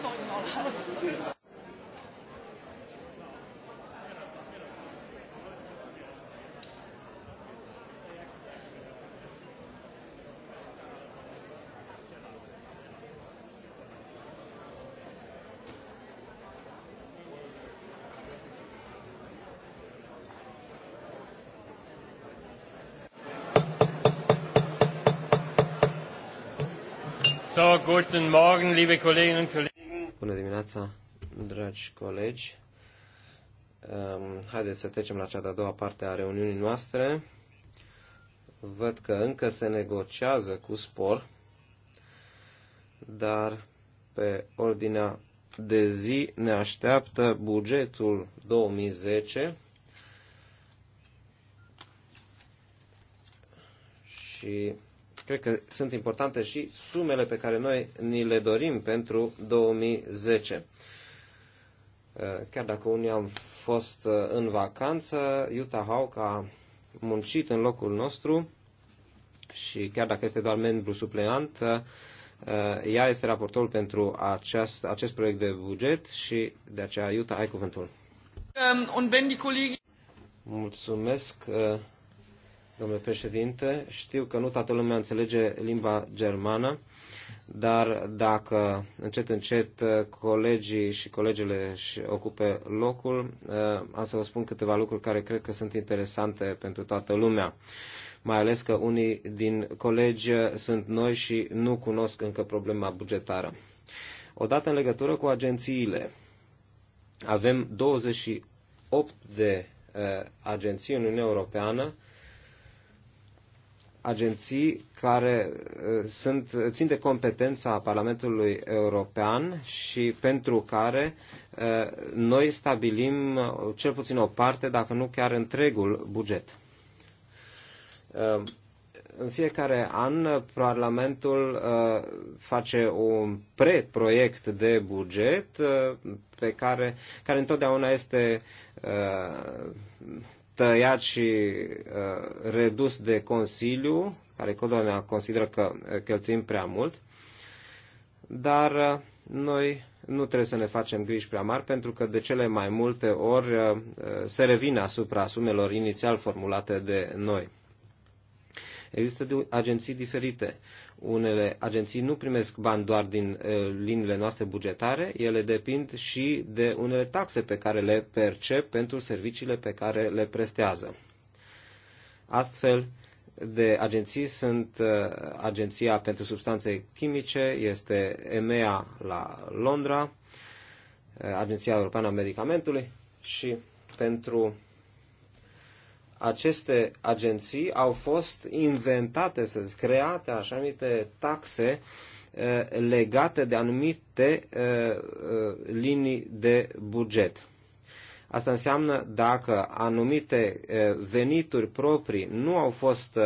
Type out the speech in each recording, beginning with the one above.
Sorry, So, guten Morgen, liebe Kolleginnen und Kollegen. Bună dimineața, dragi colegi. Um, haideți să trecem la cea de-a doua parte a reuniunii noastre. Văd că încă se negociază cu spor, dar pe ordinea de zi ne așteaptă bugetul 2010 că sunt importante și sumele pe care noi ni le dorim pentru 2010. Uh, chiar dacă unii am fost uh, în vacanță, Utah Hawk a muncit în locul nostru și chiar dacă este doar membru supleant, uh, ea este raportorul pentru acest, acest proiect de buget și de aceea, Iuta, ai cuvântul. Um, Mulțumesc domnule președinte. Știu că nu toată lumea înțelege limba germană, dar dacă încet, încet colegii și colegele își ocupe locul, eh, am să vă spun câteva lucruri care cred că sunt interesante pentru toată lumea mai ales că unii din colegi sunt noi și nu cunosc încă problema bugetară. Odată în legătură cu agențiile, avem 28 de uh, agenții în Uniunea Europeană agenții care uh, sunt, țin de competența Parlamentului European și pentru care uh, noi stabilim cel puțin o parte, dacă nu chiar întregul buget. Uh, în fiecare an, Parlamentul face un preproiect de buget pe care, care întotdeauna este tăiat și uh, redus de Consiliu, care Codonea consideră că uh, cheltuim prea mult, dar uh, noi nu trebuie să ne facem griji prea mari, pentru că de cele mai multe ori se revine asupra sumelor inițial formulate de noi. Există agenții diferite. Unele agenții nu primesc bani doar din eh, liniile noastre bugetare, ele depind și de unele taxe pe care le percep pentru serviciile pe care le prestează. Astfel, de agenții sunt eh, Agenția pentru Substanțe Chimice, este EMEA la Londra, eh, Agenția Europeană a Medicamentului și pentru aceste agenții au fost inventate, să zic, create așa anumite taxe eh, legate de anumite eh, eh, linii de buget. Asta înseamnă dacă anumite venituri proprii nu au fost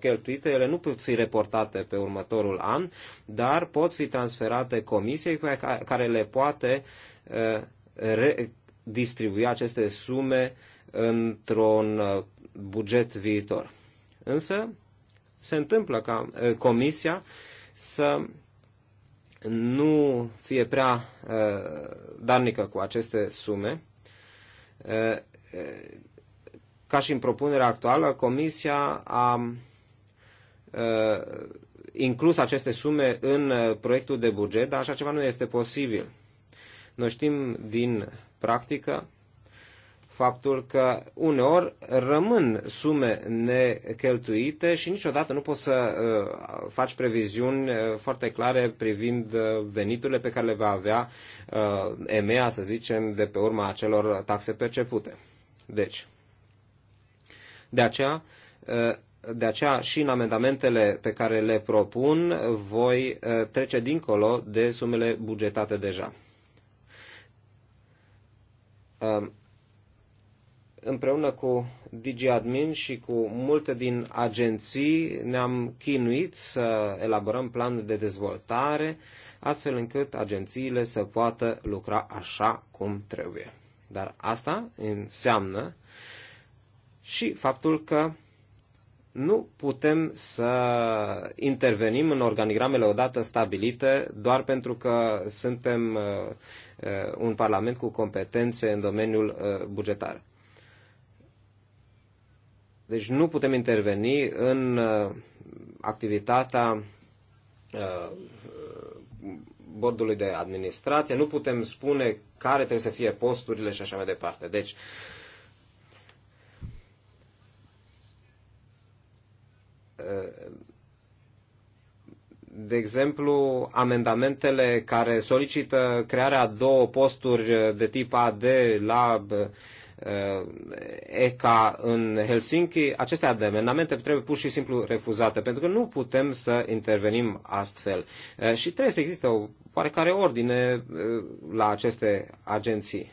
cheltuite, ele nu pot fi reportate pe următorul an, dar pot fi transferate comisiei care le poate distribui aceste sume uh, într-un uh, buget viitor. Însă se întâmplă ca uh, Comisia să nu fie prea uh, darnică cu aceste sume. Ca și în propunerea actuală, Comisia a inclus aceste sume în proiectul de buget, dar așa ceva nu este posibil. Noi știm din practică faptul că uneori rămân sume necheltuite și niciodată nu poți să uh, faci previziuni uh, foarte clare privind uh, veniturile pe care le va avea EMEA, să zicem, de pe urma acelor taxe percepute. Deci, de aceea, de aceea și în amendamentele pe care le propun voi trece dincolo de sumele bugetate deja împreună cu DigiAdmin și cu multe din agenții ne-am chinuit să elaborăm planul de dezvoltare, astfel încât agențiile să poată lucra așa cum trebuie. Dar asta înseamnă și faptul că nu putem să intervenim în organigramele odată stabilite doar pentru că suntem uh, uh, un parlament cu competențe în domeniul uh, bugetar. Deci nu putem interveni în uh, activitatea uh, bordului de administrație, nu putem spune care trebuie să fie posturile și așa mai departe. Deci, uh, de exemplu, amendamentele care solicită crearea două posturi de tip AD la Uh, ECA în Helsinki, aceste amendamente trebuie pur și simplu refuzate, pentru că nu putem să intervenim astfel. Uh, și trebuie să existe o oarecare ordine uh, la aceste agenții.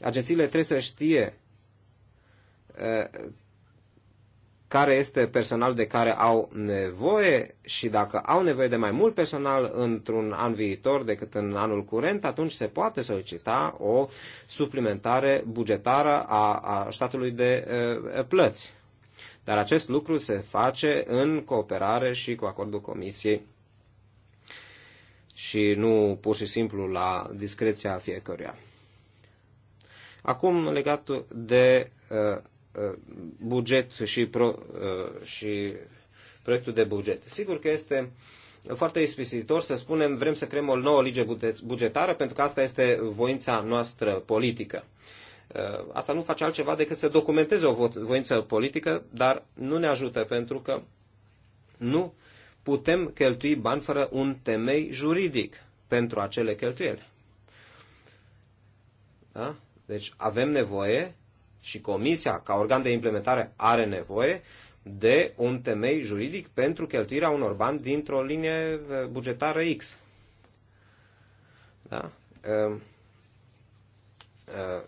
Agențiile trebuie să știe care este personal de care au nevoie și dacă au nevoie de mai mult personal într-un an viitor decât în anul curent, atunci se poate solicita o suplimentare bugetară a, a statului de uh, plăți. Dar acest lucru se face în cooperare și cu acordul Comisiei și nu pur și simplu la discreția fiecăruia. Acum, legat de uh, Uh, buget și, pro, uh, și proiectul de buget. Sigur că este foarte ispisitor să spunem vrem să creăm o nouă lege bugetară pentru că asta este voința noastră politică. Uh, asta nu face altceva decât să documenteze o voință politică, dar nu ne ajută pentru că nu putem cheltui bani fără un temei juridic pentru acele cheltuieli. Da? Deci avem nevoie și Comisia, ca organ de implementare, are nevoie de un temei juridic pentru cheltuirea unor bani dintr-o linie eh, bugetară X. Da? Ehm, eh,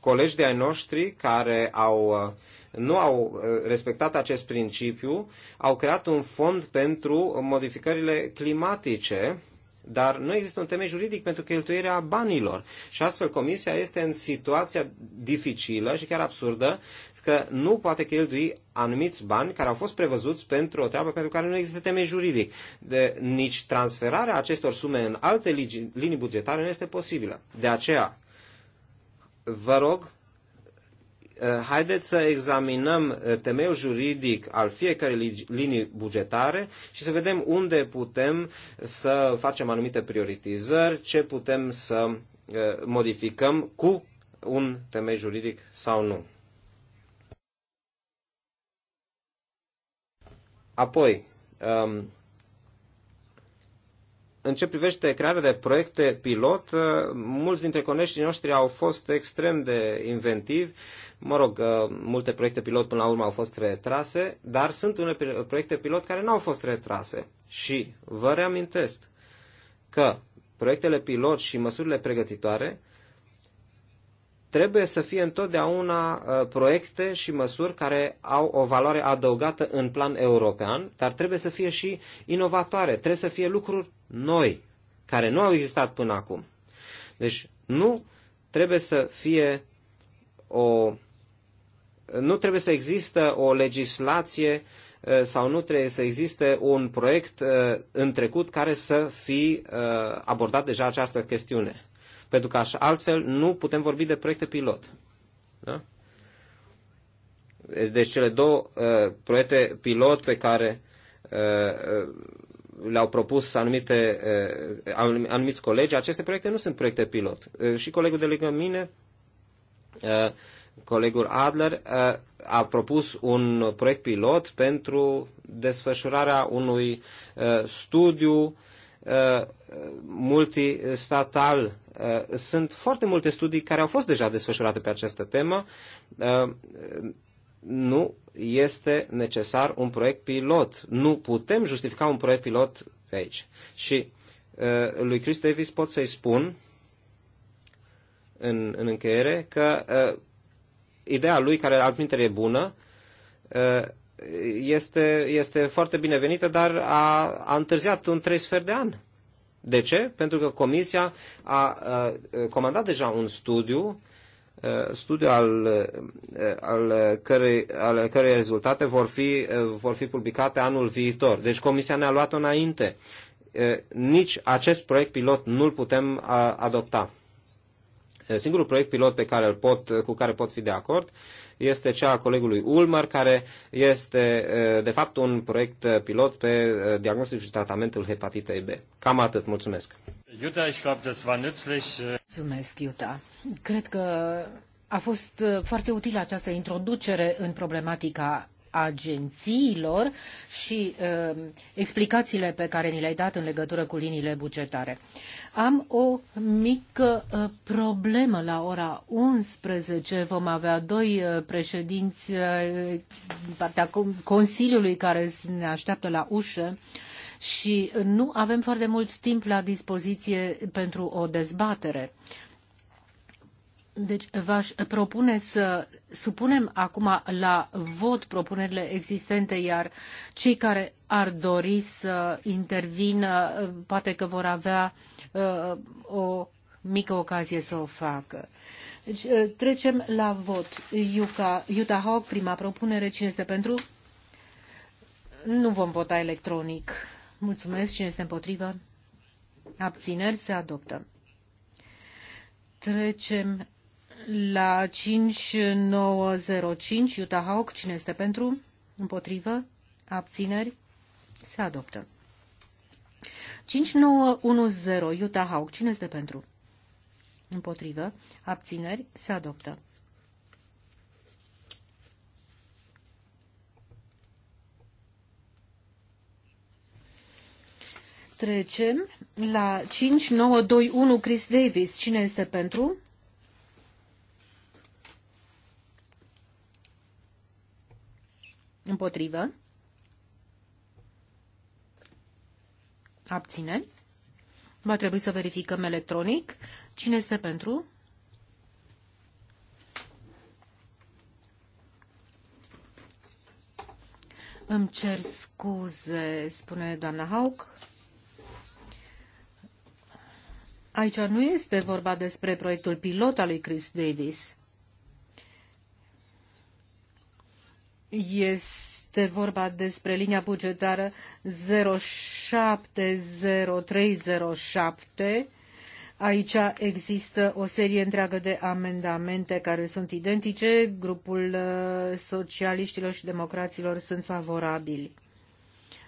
colegi de ai noștri care au, eh, nu au respectat acest principiu au creat un fond pentru modificările climatice dar nu există un temei juridic pentru cheltuirea banilor. Și astfel Comisia este în situația dificilă și chiar absurdă că nu poate cheltui anumiți bani care au fost prevăzuți pentru o treabă pentru care nu există temei juridic. De, nici transferarea acestor sume în alte linii bugetare nu este posibilă. De aceea, vă rog Eh, haideți să examinăm eh, temeiul juridic al fiecărei linii bugetare și să vedem unde putem să facem anumite prioritizări, ce putem să eh, modificăm cu un temei juridic sau nu. Apoi, ehm, în ce privește crearea de proiecte pilot, uh, mulți dintre coneștii noștri au fost extrem de inventivi. Mă rog, uh, multe proiecte pilot până la urmă au fost retrase, dar sunt unele proiecte pilot care nu au fost retrase. Și vă reamintesc că proiectele pilot și măsurile pregătitoare trebuie să fie întotdeauna uh, proiecte și măsuri care au o valoare adăugată în plan european, dar trebuie să fie și inovatoare, trebuie să fie lucruri noi, care nu au existat până acum. Deci nu trebuie să fie o. Nu trebuie să există o legislație uh, sau nu trebuie să existe un proiect uh, în trecut care să fi uh, abordat deja această chestiune. Pentru că așa, altfel nu putem vorbi de proiecte pilot. Da? Deci cele două proiecte pilot pe care le-au propus anumite, eh, anumiți colegi, aceste proiecte nu sunt proiecte pilot. Eh, și colegul de lângă mine, eh, colegul Adler, a propus un proiect pilot pentru desfășurarea unui studiu multistatal. Sunt foarte multe studii care au fost deja desfășurate pe această temă nu este necesar un proiect pilot. Nu putem justifica un proiect pilot aici. Și uh, lui Chris Davis pot să-i spun în, în încheiere că uh, ideea lui, care altminteri e bună, uh, este, este foarte binevenită, dar a, a întârziat un trei sfert de an. De ce? Pentru că Comisia a, a uh, comandat deja un studiu Uh, studiu al, uh, al, cărei, al cărei rezultate vor fi, uh, vor fi publicate anul viitor. Deci Comisia ne-a luat înainte. Nici acest proiect pilot nu-l putem adopta. Singurul proiect pilot pe care îl pot, cu care pot fi de acord este cea a colegului Ulmer, care este de fapt un proiect pilot pe diagnostic și tratamentul hepatitei B. Cam atât, mulțumesc. Iuta, ich glaub, das war nützlich. Mulțumesc, Iuta. Cred că a fost uh, foarte utilă această introducere în problematica agențiilor și uh, explicațiile pe care ni le-ai dat în legătură cu liniile bugetare. Am o mică uh, problemă la ora 11. Vom avea doi uh, președinți uh, partea Consiliului care ne așteaptă la ușă și nu avem foarte mult timp la dispoziție pentru o dezbatere. Deci v-aș propune să supunem acum la vot propunerile existente, iar cei care ar dori să intervină, poate că vor avea uh, o mică ocazie să o facă. Deci uh, trecem la vot. Iuca, Utah Hawk, prima propunere, cine este pentru? Nu vom vota electronic. Mulțumesc, cine este împotrivă? Abțineri se adoptă. Trecem la 5905, Iuta Hauk, cine este pentru? Împotrivă? Abțineri? Se adoptă. 5910, Iuta Hauk, cine este pentru? Împotrivă? Abțineri? Se adoptă. Trecem la 5921 Chris Davis. Cine este pentru? Împotrivă. Abțineri. Va trebui să verificăm electronic. Cine este pentru? Îmi cer scuze, spune doamna Hauk. Aici nu este vorba despre proiectul pilot al lui Chris Davis. Este vorba despre linia bugetară 070307. Aici există o serie întreagă de amendamente care sunt identice. Grupul uh, socialiștilor și democraților sunt favorabili.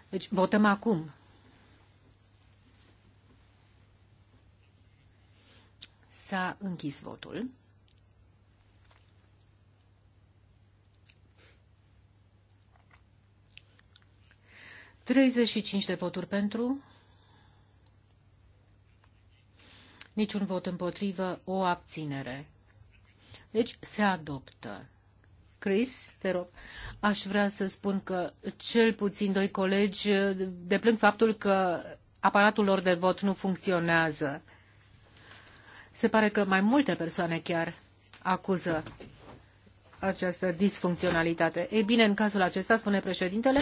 Deci votăm acum. S-a închis votul. 35 de voturi pentru, niciun vot împotrivă, o abținere. Deci se adoptă. Chris, te rog, aș vrea să spun că cel puțin doi colegi deplâng faptul că aparatul lor de vot nu funcționează. Se pare că mai multe persoane chiar acuză această disfuncționalitate. Ei bine, în cazul acesta, spune președintele,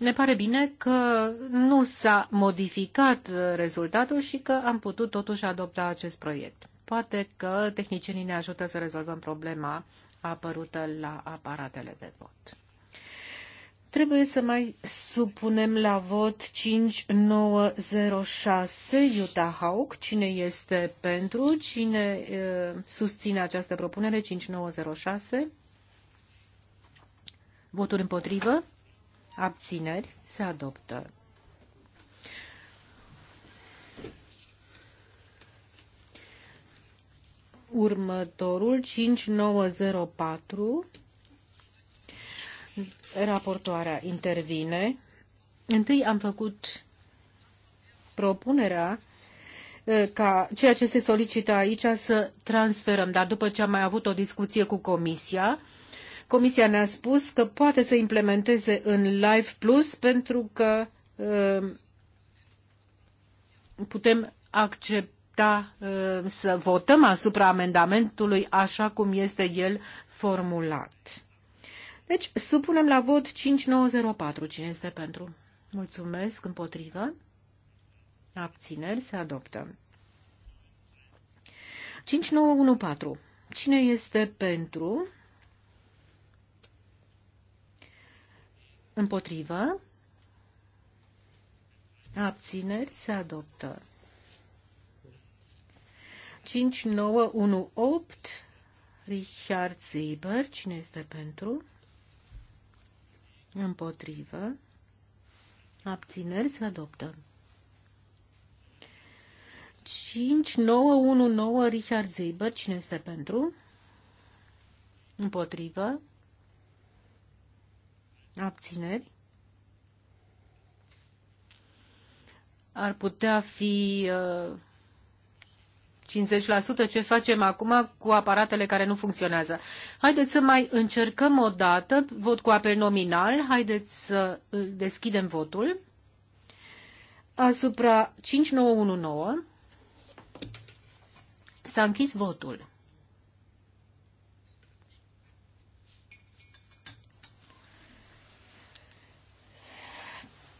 ne pare bine că nu s-a modificat rezultatul și că am putut totuși adopta acest proiect. Poate că tehnicienii ne ajută să rezolvăm problema apărută la aparatele de vot. Trebuie să mai supunem la vot 5906 Utah Hawk. Cine este pentru? Cine e, susține această propunere? 5906. Voturi împotrivă? abțineri, se adoptă. Următorul 5904 raportoarea intervine. Întâi am făcut propunerea ca ceea ce se solicită aici să transferăm, dar după ce am mai avut o discuție cu Comisia, Comisia ne-a spus că poate să implementeze în Live Plus pentru că uh, putem accepta uh, să votăm asupra amendamentului așa cum este el formulat. Deci, supunem la vot 5904. Cine este pentru? Mulțumesc. Împotrivă? Abțineri. Se adoptă. 5914. Cine este pentru? Împotrivă. Abțineri se adoptă. 5918 Richard Zeber. Cine este pentru? Împotrivă. Abțineri se adoptă. 5919 Richard Zeber. Cine este pentru? Împotrivă abțineri, ar putea fi uh, 50% ce facem acum cu aparatele care nu funcționează. Haideți să mai încercăm o dată, vot cu apel nominal, haideți să uh, deschidem votul asupra 5919. S-a închis votul.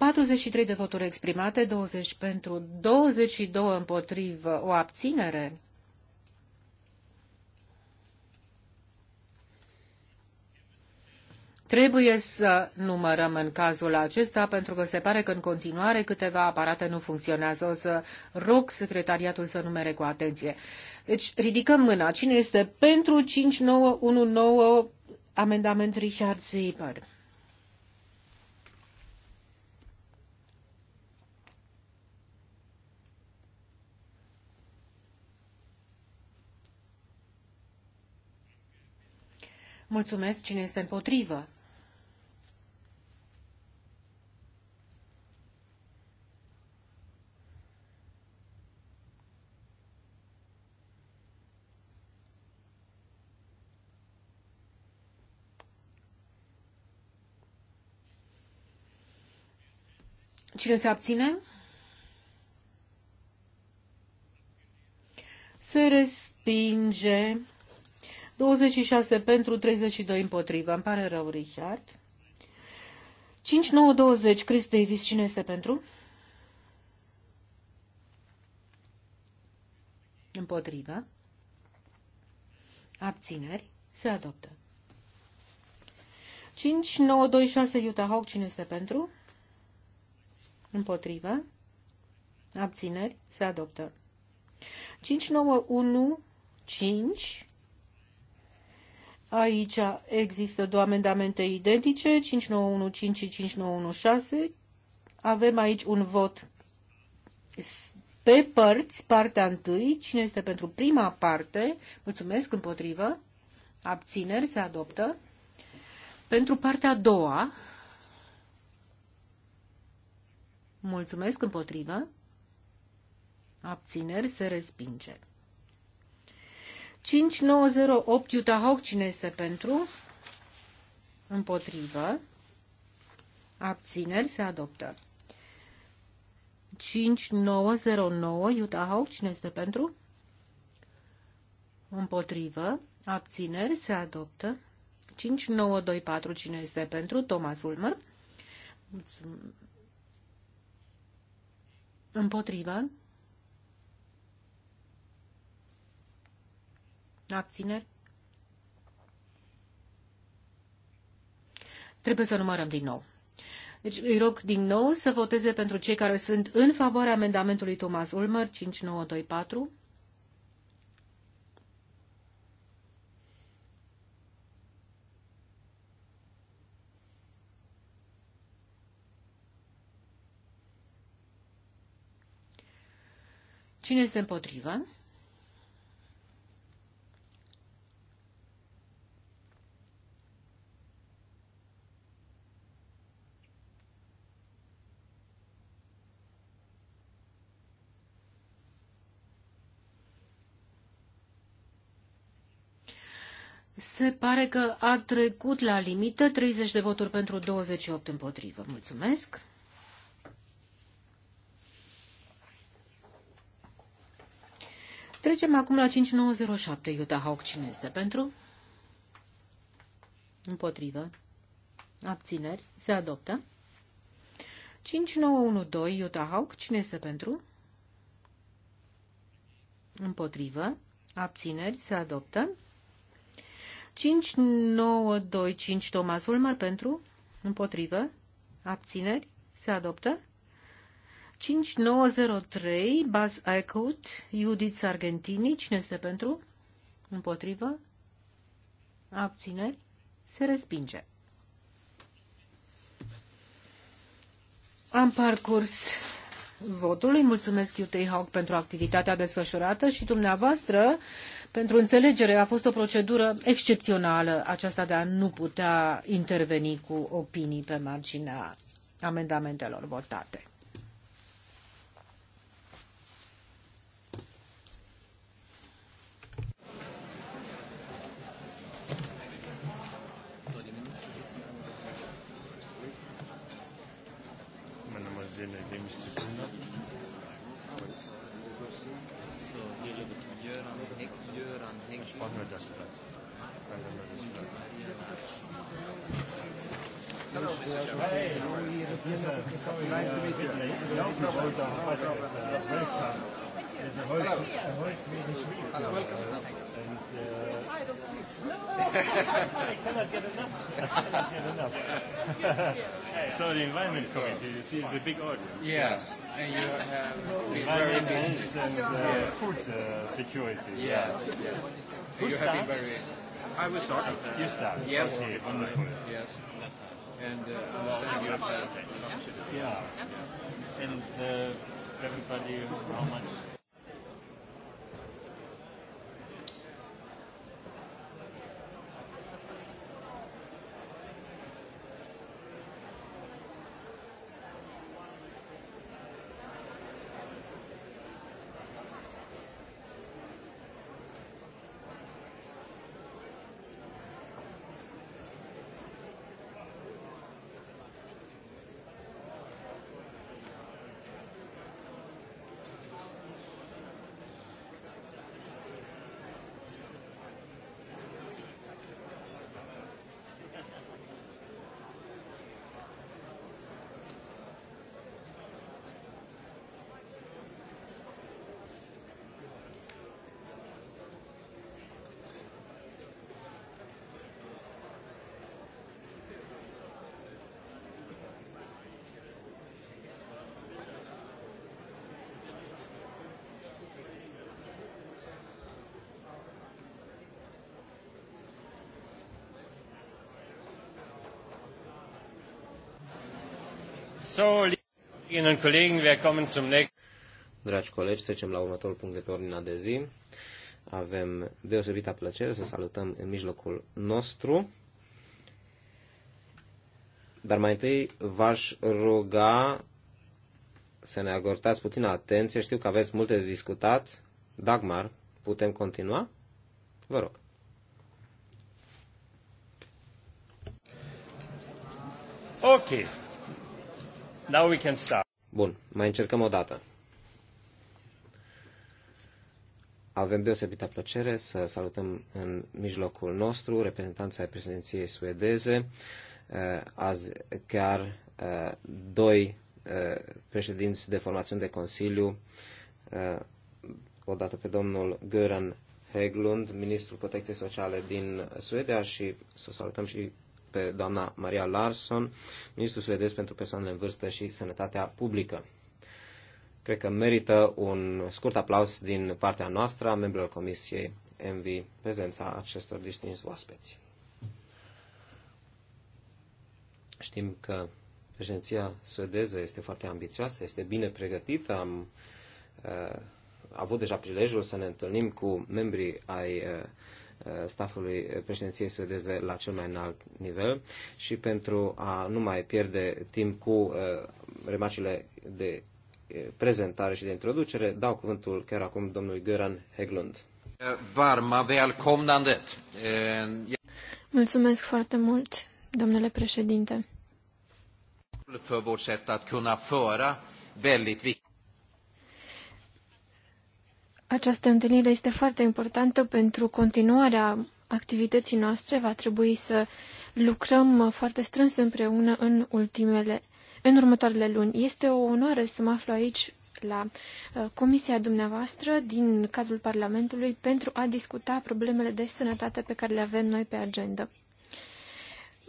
43 de voturi exprimate, 20 pentru, 22 împotrivă, o abținere. Trebuie să numărăm în cazul acesta, pentru că se pare că în continuare câteva aparate nu funcționează. O să rog secretariatul să numere cu atenție. Deci, ridicăm mâna. Cine este pentru 5919 amendament Richard Sieber? Mulțumesc cine este împotrivă. Cine se abține? Se respinge. 26 pentru, 32 împotrivă. Îmi pare rău, Richard. 5-9-20, Chris Davis, cine este pentru? Împotrivă. Abțineri. Se adoptă. 5, 9, 2, 6, Utah Hawk, cine este pentru? Împotrivă. Abțineri. Se adoptă. 5, 9, 1, 5, Aici există două amendamente identice, 5915 și 5916. Avem aici un vot pe părți, partea întâi. Cine este pentru prima parte? Mulțumesc, împotrivă. Abțineri, se adoptă. Pentru partea a doua, mulțumesc, împotrivă. Abțineri, se respinge. 5908 Utah Hawk, cine este pentru? Împotrivă. Abțineri se adoptă. 5909 Utah Hawk, cine este pentru? Împotrivă. Abțineri se adoptă. 5924 cine este pentru? Thomas Ulmer. Împotrivă. Abțineri? Trebuie să numărăm din nou. Deci îi rog din nou să voteze pentru cei care sunt în favoarea amendamentului Thomas Ulmer 5924. Cine este împotrivă? Se pare că a trecut la limită 30 de voturi pentru 28 împotrivă. Mulțumesc! Trecem acum la 5907, Iuta Hawk, cine este pentru? Împotrivă. Abțineri. Se adoptă. 5912, Iuta Hawk, cine este pentru? Împotrivă. Abțineri. Se adoptă. 5925 Thomas Ulmer pentru, împotrivă, abțineri, se adoptă. 5903 Baz Eichhout, Judith Sargentini, cine este pentru, împotrivă, abțineri, se respinge. Am parcurs votul. Îi mulțumesc Iutei Haug pentru activitatea desfășurată și dumneavoastră pentru înțelegere. A fost o procedură excepțională aceasta de a nu putea interveni cu opinii pe marginea amendamentelor votate. Nice to meet you. so the environment committee, you see, is a big audience. Yes, and you have very business And uh, food uh, security. Yes, yes. Who you starts? Have been very, I will start. You start. Yes. Okay, Yes and uh, understand your Yeah. yeah. And uh, everybody, how much So, liebe Kollegen, wir kommen zum nächsten. Dragi colegi, trecem la următorul punct de pe ordinea de zi. Avem deosebită plăcere să salutăm în mijlocul nostru. Dar mai întâi v-aș ruga să ne agortați puțină atenție. Știu că aveți multe de discutat. Dagmar, putem continua? Vă rog. Ok. Now we can start. Bun, mai încercăm o dată. Avem deosebită plăcere să salutăm în mijlocul nostru reprezentanța președinției suedeze, eh, azi chiar eh, doi eh, președinți de formațiuni de Consiliu, odată pe domnul Göran Heglund, ministrul protecției sociale din Suedia și să salutăm și pe doamna Maria Larson, ministru suedez pentru persoanele în vârstă și sănătatea publică. Cred că merită un scurt aplaus din partea noastră a membrilor Comisiei MV prezența acestor distinși oaspeți. Știm că președinția suedeză este foarte ambițioasă, este bine pregătită. Am uh, avut deja prilejul să ne întâlnim cu membrii ai uh, stafului președinției suedeze la cel mai înalt nivel și pentru a nu mai pierde timp cu uh, remarcile de uh, prezentare și de introducere, dau cuvântul chiar acum domnului Göran Heglund. Varma välkomnandet. Eh, Mulțumesc foarte mult, domnule președinte. För vårt sätt att kunna föra väldigt viktigt această întâlnire este foarte importantă pentru continuarea activității noastre. Va trebui să lucrăm foarte strâns împreună în ultimele, în următoarele luni. Este o onoare să mă aflu aici la uh, comisia dumneavoastră din cadrul Parlamentului pentru a discuta problemele de sănătate pe care le avem noi pe agenda.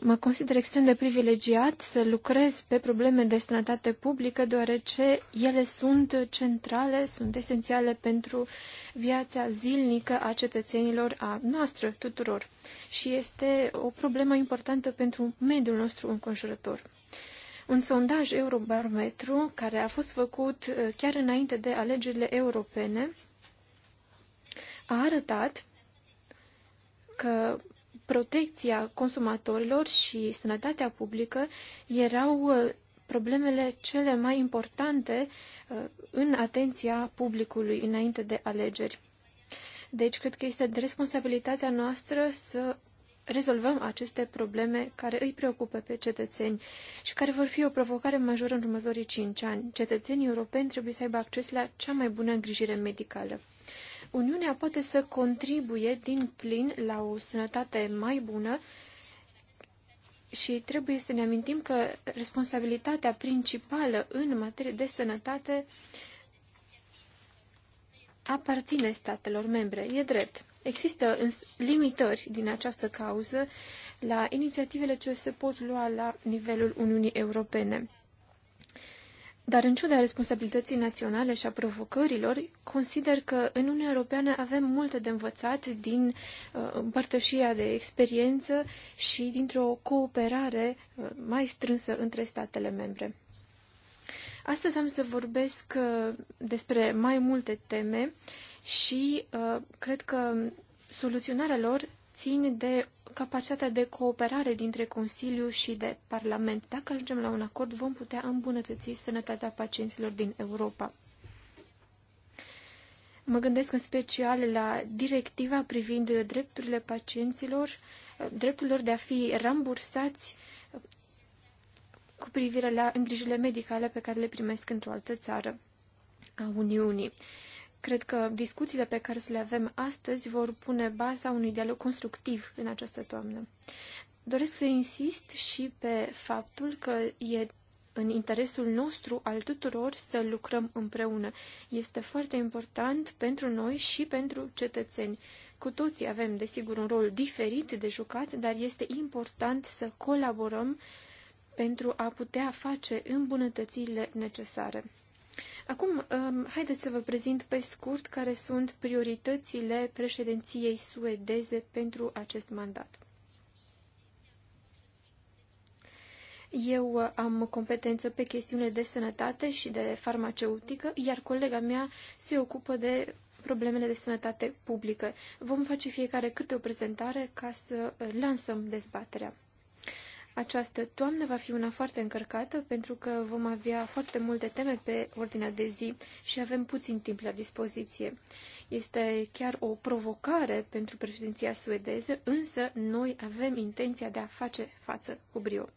Mă consider extrem de privilegiat să lucrez pe probleme de sănătate publică, deoarece ele sunt centrale, sunt esențiale pentru viața zilnică a cetățenilor, a noastră, tuturor. Și este o problemă importantă pentru mediul nostru înconjurător. Un sondaj Eurobarometru, care a fost făcut uh, chiar înainte de alegerile europene, a arătat că protecția consumatorilor și sănătatea publică erau uh, problemele cele mai importante uh, în atenția publicului înainte de alegeri. Deci, cred că este de responsabilitatea noastră să rezolvăm aceste probleme care îi preocupă pe cetățeni și care vor fi o provocare majoră în următorii 5 ani. Cetățenii europeni trebuie să aibă acces la cea mai bună îngrijire medicală. Uniunea poate să contribuie din plin la o sănătate mai bună și trebuie să ne amintim că responsabilitatea principală în materie de sănătate aparține statelor membre. E drept. Există limitări din această cauză la inițiativele ce se pot lua la nivelul Uniunii Europene. Dar în ciuda responsabilității naționale și a provocărilor, consider că în Uniunea Europeană avem multe de învățat din uh, împărtășirea de experiență și dintr-o cooperare uh, mai strânsă între statele membre. Astăzi am să vorbesc uh, despre mai multe teme și uh, cred că soluționarea lor ține de capacitatea de cooperare dintre Consiliu și de Parlament. Dacă ajungem la un acord, vom putea îmbunătăți sănătatea pacienților din Europa. Mă gândesc în special la directiva privind drepturile pacienților, dreptul lor de a fi rambursați cu privire la îngrijile medicale pe care le primesc într-o altă țară a Uniunii. Cred că discuțiile pe care să le avem astăzi vor pune baza unui dialog constructiv în această toamnă. Doresc să insist și pe faptul că e în interesul nostru al tuturor să lucrăm împreună. Este foarte important pentru noi și pentru cetățeni. Cu toții avem, desigur, un rol diferit de jucat, dar este important să colaborăm pentru a putea face îmbunătățirile necesare. Acum, um, haideți să vă prezint pe scurt care sunt prioritățile președinției suedeze pentru acest mandat. Eu uh, am competență pe chestiune de sănătate și de farmaceutică, iar colega mea se ocupă de problemele de sănătate publică. Vom face fiecare câte o prezentare ca să uh, lansăm dezbaterea. Această toamnă va fi una foarte încărcată pentru că vom avea foarte multe teme pe ordinea de zi și avem puțin timp la dispoziție. Este chiar o provocare pentru președinția suedeză, însă noi avem intenția de a face față cu brio.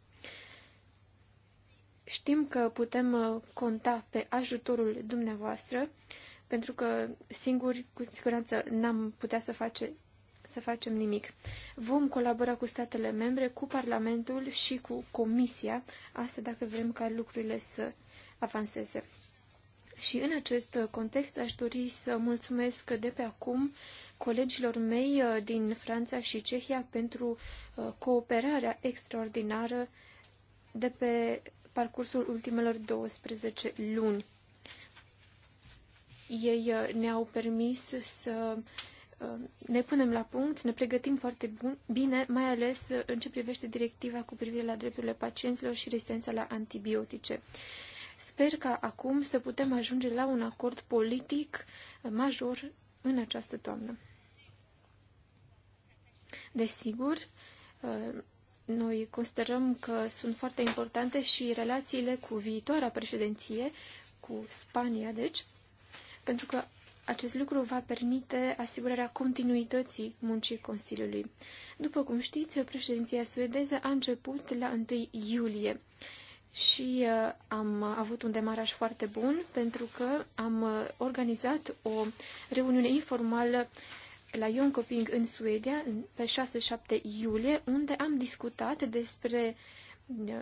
Știm că putem uh, conta pe ajutorul dumneavoastră, pentru că singuri, cu siguranță, n-am putea să face să facem nimic. Vom colabora cu statele membre, cu Parlamentul și cu Comisia, asta dacă vrem ca lucrurile să avanseze. Și în acest context aș dori să mulțumesc de pe acum colegilor mei uh, din Franța și Cehia pentru uh, cooperarea extraordinară de pe parcursul ultimelor 12 luni. Ei uh, ne-au permis să Uh, ne punem la punct, ne pregătim foarte bun, bine, mai ales uh, în ce privește directiva cu privire la drepturile pacienților și rezistența la antibiotice. Sper ca acum să putem ajunge la un acord politic uh, major în această toamnă. Desigur, noi considerăm că sunt foarte importante și relațiile cu viitoarea președinție, cu Spania, deci, pentru că acest lucru va permite asigurarea continuității muncii Consiliului. După cum știți, președinția suedeză a început la 1 iulie și uh, am avut un demaraj foarte bun pentru că am uh, organizat o reuniune informală la Jonkoping în Suedia pe 6-7 iulie, unde am discutat despre uh,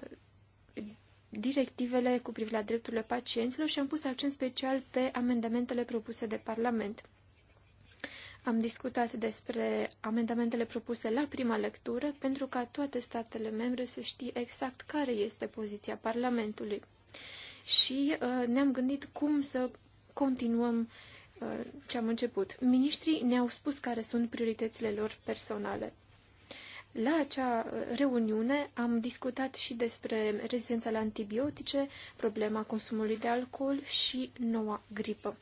directivele cu privire la drepturile pacienților și am pus accent special pe amendamentele propuse de Parlament. Am discutat despre amendamentele propuse la prima lectură pentru ca toate statele membre să știe exact care este poziția Parlamentului. Și uh, ne-am gândit cum să continuăm uh, ce am început. Ministrii ne-au spus care sunt prioritățile lor personale. La acea uh, reuniune am discutat și despre rezistența la antibiotice, problema consumului de alcool și noua gripă.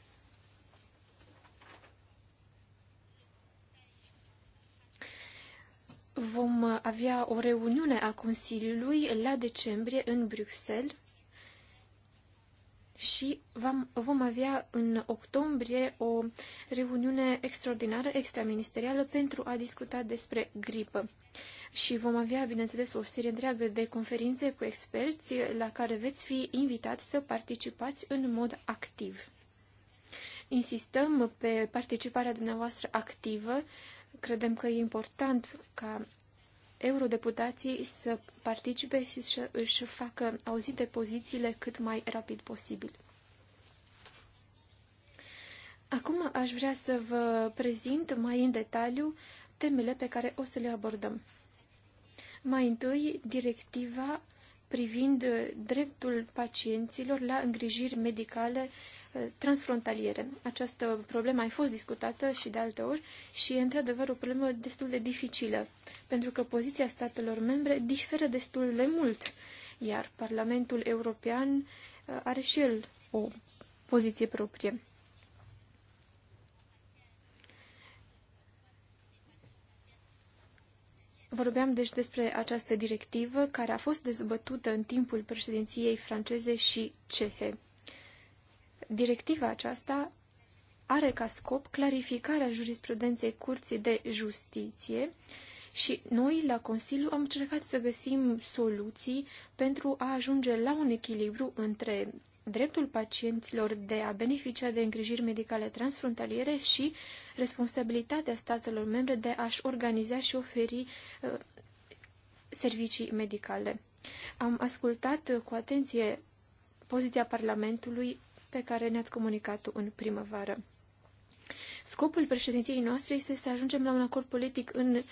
Vom uh, avea o reuniune a Consiliului la decembrie în Bruxelles și vom avea în octombrie o reuniune extraordinară, extraministerială, pentru a discuta despre gripă. Și vom avea, bineînțeles, o serie întreagă de conferințe cu experți la care veți fi invitați să participați în mod activ. Insistăm pe participarea dumneavoastră activă. Credem că e important ca eurodeputații să participe și să își facă auzite pozițiile cât mai rapid posibil. Acum aș vrea să vă prezint mai în detaliu temele pe care o să le abordăm. Mai întâi, directiva privind dreptul pacienților la îngrijiri medicale Eh, transfrontaliere. Această problemă a fost discutată și de alte ori și e într-adevăr o problemă destul de dificilă, pentru că poziția statelor membre diferă destul de mult, iar Parlamentul European eh, are și el o poziție proprie. Vorbeam deci despre această directivă care a fost dezbătută în timpul președinției franceze și cehe. Directiva aceasta are ca scop clarificarea jurisprudenței Curții de Justiție și noi la Consiliu am încercat să găsim soluții pentru a ajunge la un echilibru între dreptul pacienților de a beneficia de îngrijiri medicale transfrontaliere și responsabilitatea statelor membre de a-și organiza și oferi uh, servicii medicale. Am ascultat uh, cu atenție poziția Parlamentului pe care ne-ați comunicat-o în primăvară. Scopul președinției noastre este să ajungem la un acord politic în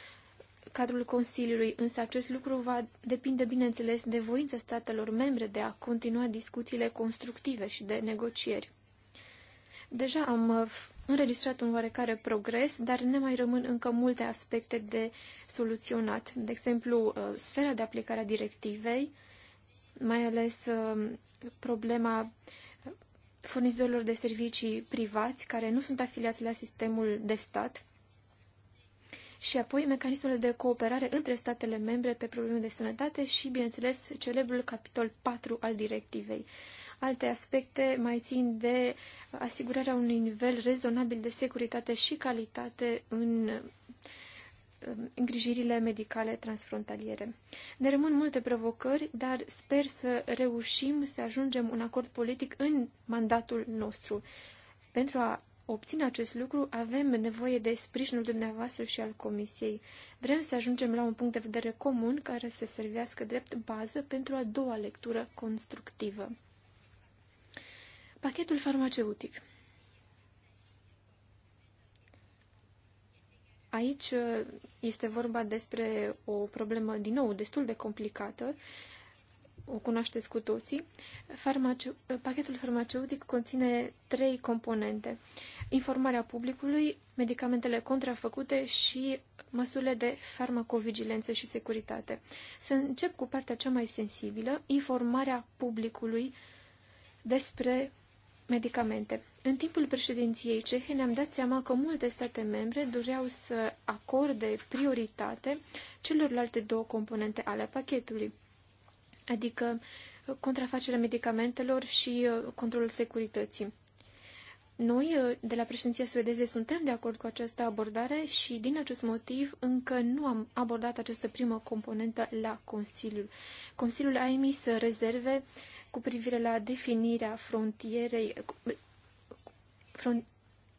cadrul Consiliului, însă acest lucru va depinde, bineînțeles, de voința statelor membre de a continua discuțiile constructive și de negocieri. Deja am uh, înregistrat un oarecare progres, dar ne mai rămân încă multe aspecte de soluționat. De exemplu, uh, sfera de aplicare a directivei, mai ales uh, problema furnizorilor de servicii privați care nu sunt afiliați la sistemul de stat și apoi mecanismele de cooperare între statele membre pe probleme de sănătate și, bineînțeles, celebrul capitol 4 al directivei. Alte aspecte mai țin de asigurarea unui nivel rezonabil de securitate și calitate în Um, îngrijirile medicale transfrontaliere. Ne rămân multe provocări, dar sper să reușim să ajungem un acord politic în mandatul nostru. Pentru a obține acest lucru, avem nevoie de sprijinul dumneavoastră și al Comisiei. Vrem să ajungem la un punct de vedere comun care să servească drept bază pentru a doua lectură constructivă. Pachetul farmaceutic. Aici uh, este vorba despre o problemă, din nou, destul de complicată, o cunoașteți cu toții. Farmace- uh, pachetul farmaceutic conține trei componente. Informarea publicului, medicamentele contrafăcute și măsurile de farmacovigilență și securitate. Să încep cu partea cea mai sensibilă, informarea publicului despre medicamente. În timpul președinției cehe ne-am dat seama că multe state membre doreau să acorde prioritate celorlalte două componente ale pachetului, adică contrafacerea medicamentelor și uh, controlul securității. Noi, uh, de la președinția suedeze, suntem de acord cu această abordare și, din acest motiv, încă nu am abordat această primă componentă la Consiliu. Consiliul a emis rezerve cu privire la definirea frontierei, front,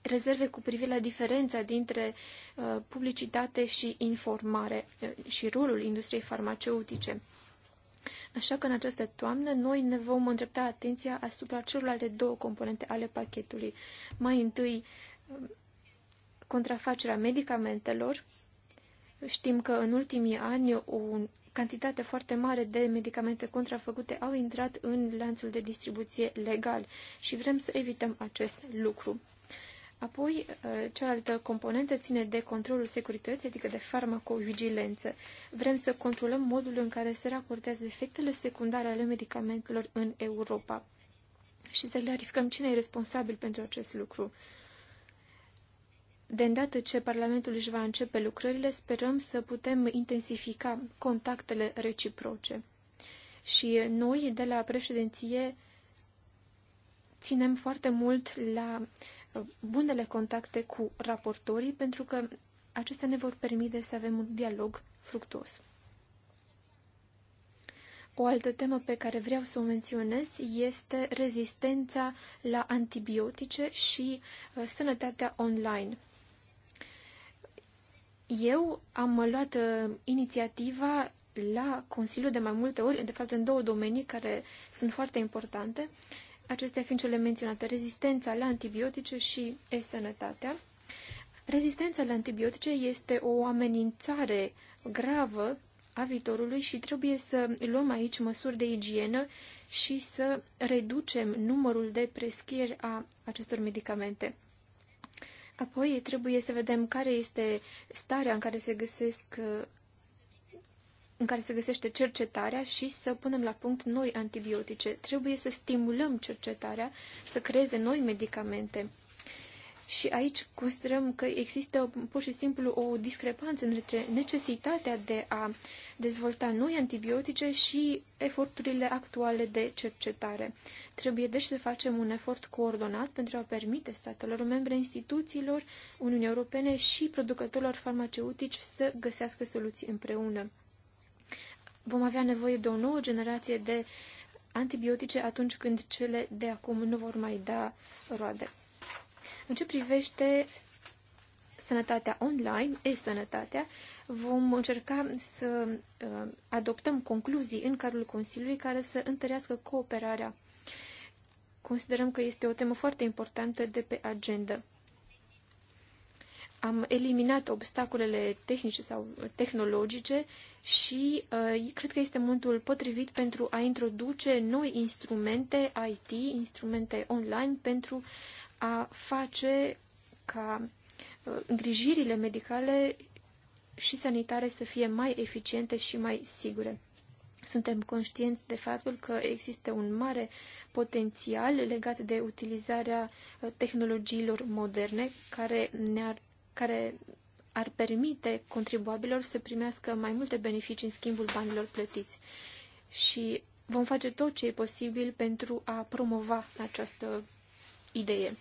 rezerve cu privire la diferența dintre uh, publicitate și informare uh, și rolul industriei farmaceutice. Așa că în această toamnă noi ne vom îndrepta atenția asupra celorlalte două componente ale pachetului. Mai întâi, contrafacerea medicamentelor. Știm că în ultimii ani o cantitate foarte mare de medicamente contrafăcute au intrat în lanțul de distribuție legal și vrem să evităm acest lucru. Apoi, uh, cealaltă componentă ține de controlul securității, adică de farmacovigilență. Vrem să controlăm modul în care se raportează efectele secundare ale medicamentelor în Europa și să clarificăm cine e responsabil pentru acest lucru. De îndată ce Parlamentul își va începe lucrările, sperăm să putem intensifica contactele reciproce. Și noi, de la președinție, ținem foarte mult la uh, bunele contacte cu raportorii, pentru că acestea ne vor permite să avem un dialog fructuos. O altă temă pe care vreau să o menționez este rezistența la antibiotice și uh, sănătatea online. Eu am luat uh, inițiativa la Consiliu de mai multe ori, de fapt în două domenii care sunt foarte importante acestea fiind cele menționate, rezistența la antibiotice și e-sănătatea. Rezistența la antibiotice este o amenințare gravă a viitorului și trebuie să luăm aici măsuri de igienă și să reducem numărul de prescrieri a acestor medicamente. Apoi trebuie să vedem care este starea în care se găsesc în care se găsește cercetarea și să punem la punct noi antibiotice. Trebuie să stimulăm cercetarea să creeze noi medicamente. Și aici considerăm că există pur și simplu o discrepanță între necesitatea de a dezvolta noi antibiotice și eforturile actuale de cercetare. Trebuie deci să facem un efort coordonat pentru a permite statelor membre, instituțiilor Uniunii Europene și producătorilor farmaceutici să găsească soluții împreună vom avea nevoie de o nouă generație de antibiotice atunci când cele de acum nu vor mai da roade. În ce privește sănătatea online, e-sănătatea, vom încerca să uh, adoptăm concluzii în cadrul Consiliului care să întărească cooperarea. Considerăm că este o temă foarte importantă de pe agenda am eliminat obstacolele tehnice sau tehnologice și uh, cred că este momentul potrivit pentru a introduce noi instrumente IT, instrumente online, pentru a face ca uh, îngrijirile medicale și sanitare să fie mai eficiente și mai sigure. Suntem conștienți de faptul că există un mare potențial legat de utilizarea uh, tehnologiilor moderne care ne-ar care ar permite contribuabilor să primească mai multe beneficii în schimbul banilor plătiți. Și vom face tot ce e posibil pentru a promova această idee.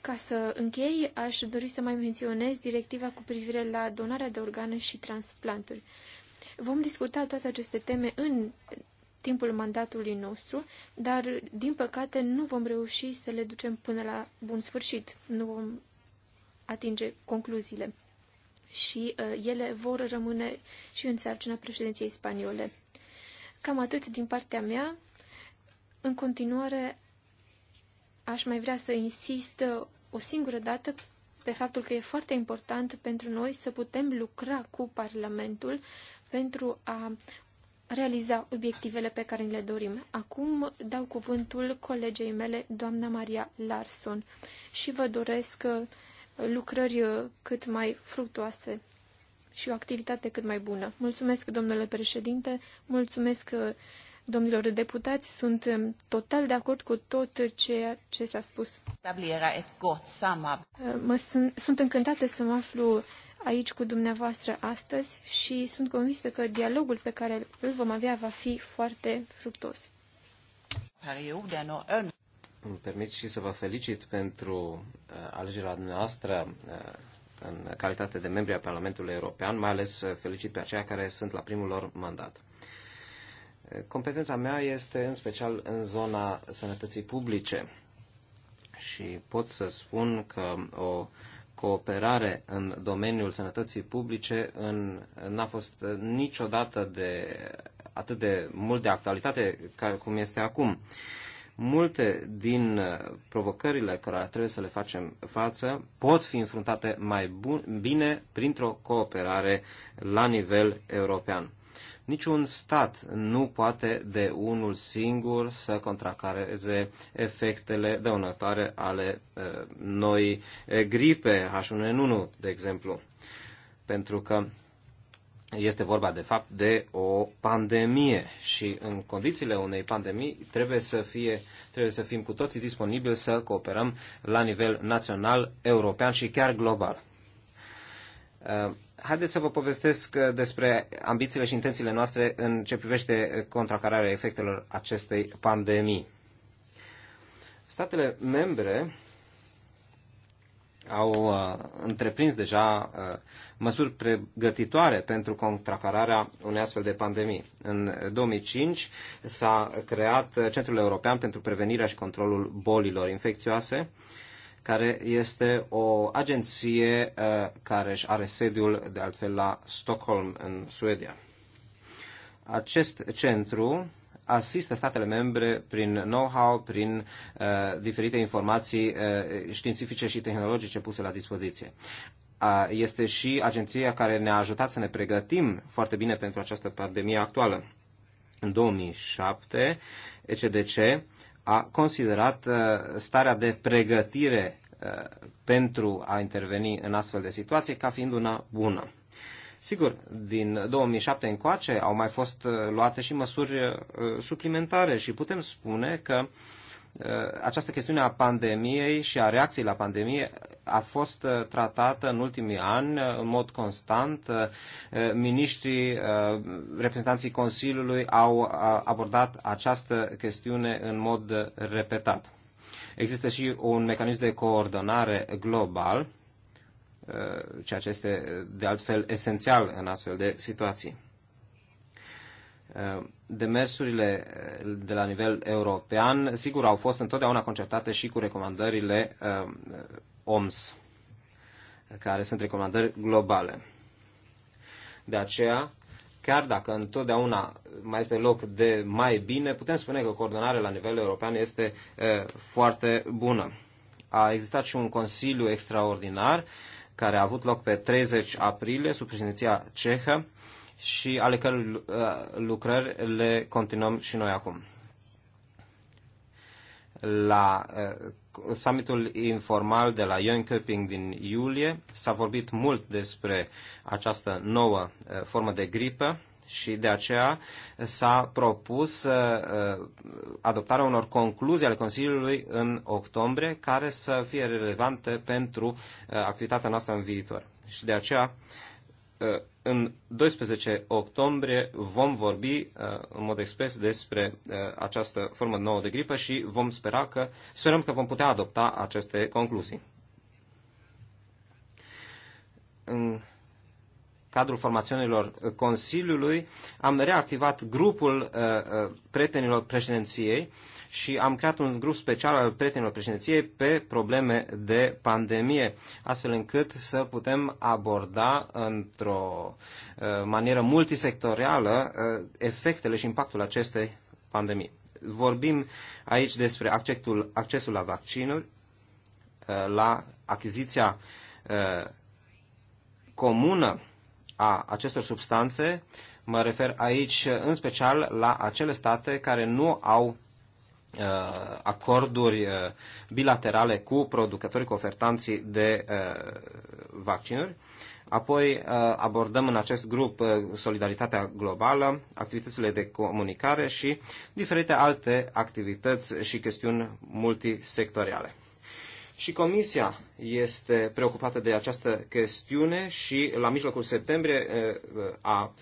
Ca să închei, aș dori să mai menționez directiva cu privire la donarea de organe și transplanturi. Vom discuta toate aceste teme în timpul mandatului nostru, dar, din păcate, nu vom reuși să le ducem până la bun sfârșit. Nu vom atinge concluziile și uh, ele vor rămâne și în sarcina președinției spaniole. Cam atât din partea mea. În continuare, aș mai vrea să insist uh, o singură dată pe faptul că e foarte important pentru noi să putem lucra cu Parlamentul pentru a realiza obiectivele pe care le dorim. Acum dau cuvântul colegei mele, doamna Maria Larson, și vă doresc uh, lucrări uh, cât mai fructuoase și o activitate cât mai bună. Mulțumesc, domnule președinte, mulțumesc uh, domnilor deputați, sunt um, total de acord cu tot ceea ce s-a spus. Uh, mă sunt, sunt încântată să mă aflu aici cu dumneavoastră astăzi și sunt convinsă că dialogul pe care îl vom avea va fi foarte fructos îmi permit și să vă felicit pentru uh, alegerea noastră uh, în calitate de membri a Parlamentului European, mai ales uh, felicit pe aceia care sunt la primul lor mandat. Competența mea este în special în zona sănătății publice și pot să spun că o cooperare în domeniul sănătății publice n-a fost niciodată de atât de mult de actualitate ca cum este acum. Uh, multe din uh, provocările care trebuie să le facem față pot fi înfruntate mai bun, bine printr-o cooperare la nivel european. Niciun stat nu poate de unul singur să contracareze efectele dăunătoare ale uh, noi eh, gripe H1N1, de exemplu. Pentru că este vorba de fapt de o pandemie și în condițiile unei pandemii trebuie să, fie, trebuie să fim cu toții disponibili să cooperăm la nivel național, european și chiar global. Uh, haideți să vă povestesc uh, despre ambițiile și intențiile noastre în ce privește contracararea efectelor acestei pandemii. Statele membre au uh, întreprins deja uh, măsuri pregătitoare pentru contracararea unei astfel de pandemii. În 2005 s-a creat Centrul European pentru Prevenirea și Controlul Bolilor Infecțioase, care este o agenție uh, care își are sediul de altfel la Stockholm, în Suedia. Acest centru asistă statele membre prin know-how, prin uh, diferite informații uh, științifice și tehnologice puse la dispoziție. Uh, este și agenția care ne-a ajutat să ne pregătim foarte bine pentru această pandemie actuală. În 2007, ECDC a considerat uh, starea de pregătire uh, pentru a interveni în astfel de situații ca fiind una bună. Sigur, din 2007 încoace au mai fost uh, luate și măsuri uh, suplimentare și putem spune că uh, această chestiune a pandemiei și a reacției la pandemie a fost tratată în ultimii ani în mod constant. Miniștrii, reprezentanții Consiliului au abordat această chestiune în mod repetat. Există și un mecanism de coordonare global Uh, ceea ce este uh, de altfel esențial în astfel de situații. Uh, demersurile de la nivel european, sigur, au fost întotdeauna concertate și cu recomandările OMS, care sunt recomandări globale. De aceea, chiar dacă întotdeauna mai este loc de mai bine, putem spune că coordonarea la nivel european este foarte bună. A existat și un consiliu extraordinar uh, care a avut loc pe 30 aprilie sub președinția cehă și ale cărui uh, lucrări le continuăm și noi acum. La uh, summitul informal de la Jönköping din iulie s-a vorbit mult despre această nouă uh, formă de gripă și de aceea s-a propus uh, uh, adoptarea unor concluzii ale Consiliului în octombrie care să fie relevante pentru uh, activitatea noastră în viitor. Și de aceea în 12 octombrie vom vorbi în mod expres despre această formă nouă de gripă și vom spera că, sperăm că vom putea adopta aceste concluzii cadrul formațiunilor Consiliului, am reactivat grupul uh, uh, prietenilor președinției și am creat un grup special al prietenilor președinției pe probleme de pandemie, astfel încât să putem aborda într-o uh, manieră multisectorială efectele și impactul acestei pandemii. Vorbim aici despre accesul, accesul la vaccinuri, la achiziția comună a acestor substanțe, mă refer aici în special la acele state care nu au uh, acorduri uh, bilaterale cu producătorii, cu ofertanții de uh, vaccinuri. Apoi abordăm în acest grup solidaritatea globală, activitățile de comunicare și diferite alte activități și chestiuni multisectoriale. Și Comisia este preocupată de această chestiune și la mijlocul septembrie eh, a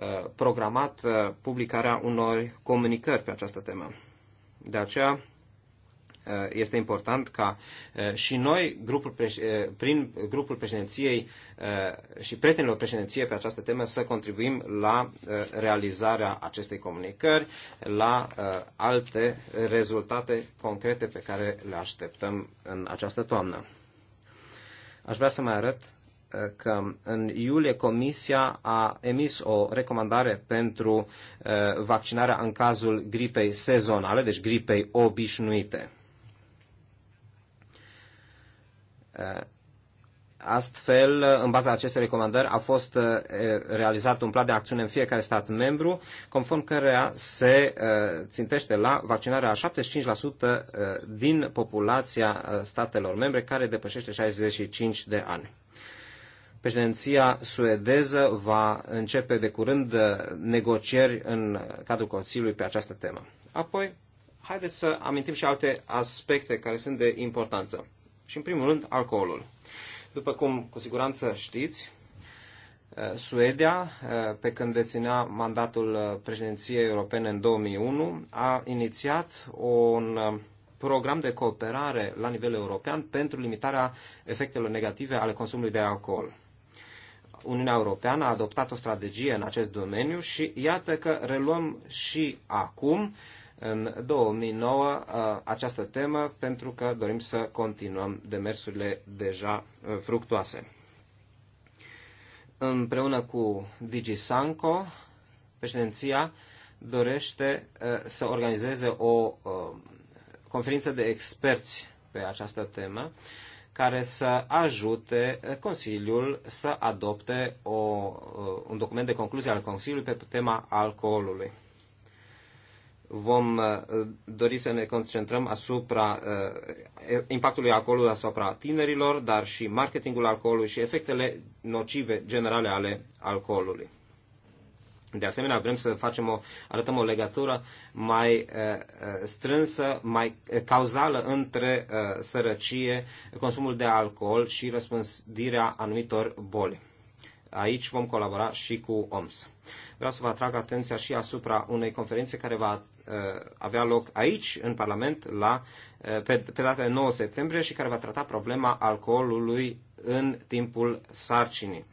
eh, programat eh, publicarea unor comunicări pe această temă. De aceea Uh, este important ca uh, și noi, grupul, uh, prin grupul președinției și prietenilor președinției pe această temă, să contribuim la realizarea acestei comunicări, la alte rezultate concrete pe care le așteptăm în această toamnă. Aș vrea să mai arăt că în iulie Comisia a emis o recomandare pentru vaccinarea în cazul gripei sezonale, deci gripei obișnuite. Astfel, în baza acestei recomandări, a fost uh, realizat un plan de acțiune în fiecare stat membru, conform căreia se uh, țintește la vaccinarea a 75% uh, din populația statelor membre care depășește 65 de ani. Președinția suedeză va începe de curând negocieri în cadrul Consiliului pe această temă. Apoi, haideți să amintim și alte aspecte care sunt de importanță și, în primul rând, alcoolul. După cum cu siguranță știți, eh, Suedia, eh, pe când deținea mandatul eh, președinției europene în 2001, a inițiat un program de cooperare la nivel european pentru limitarea efectelor negative ale consumului de alcool. Uniunea Europeană a adoptat o strategie în acest domeniu și iată că reluăm și acum uh, în 2009 uh, această temă pentru că dorim să continuăm demersurile deja uh, fructoase. Împreună cu DigiSanco, președinția dorește uh, să organizeze o conferință de experți pe această temă care să ajute Consiliul să adopte o, un document de concluzie al Consiliului pe tema alcoolului vom uh, dori să ne concentrăm asupra uh, impactului alcoolului asupra tinerilor, dar și marketingul alcoolului și efectele nocive generale ale alcoolului. De asemenea, vrem să facem o, arătăm o legătură mai uh, strânsă, mai cauzală între sărăcie, consumul de alcool și răspândirea anumitor boli. Aici vom colabora și cu OMS. Vreau să vă atrag atenția și asupra unei conferințe care va uh, avea loc aici, în Parlament, la, uh, pe, pe data de 9 septembrie și care va trata problema alcoolului în timpul sarcinii.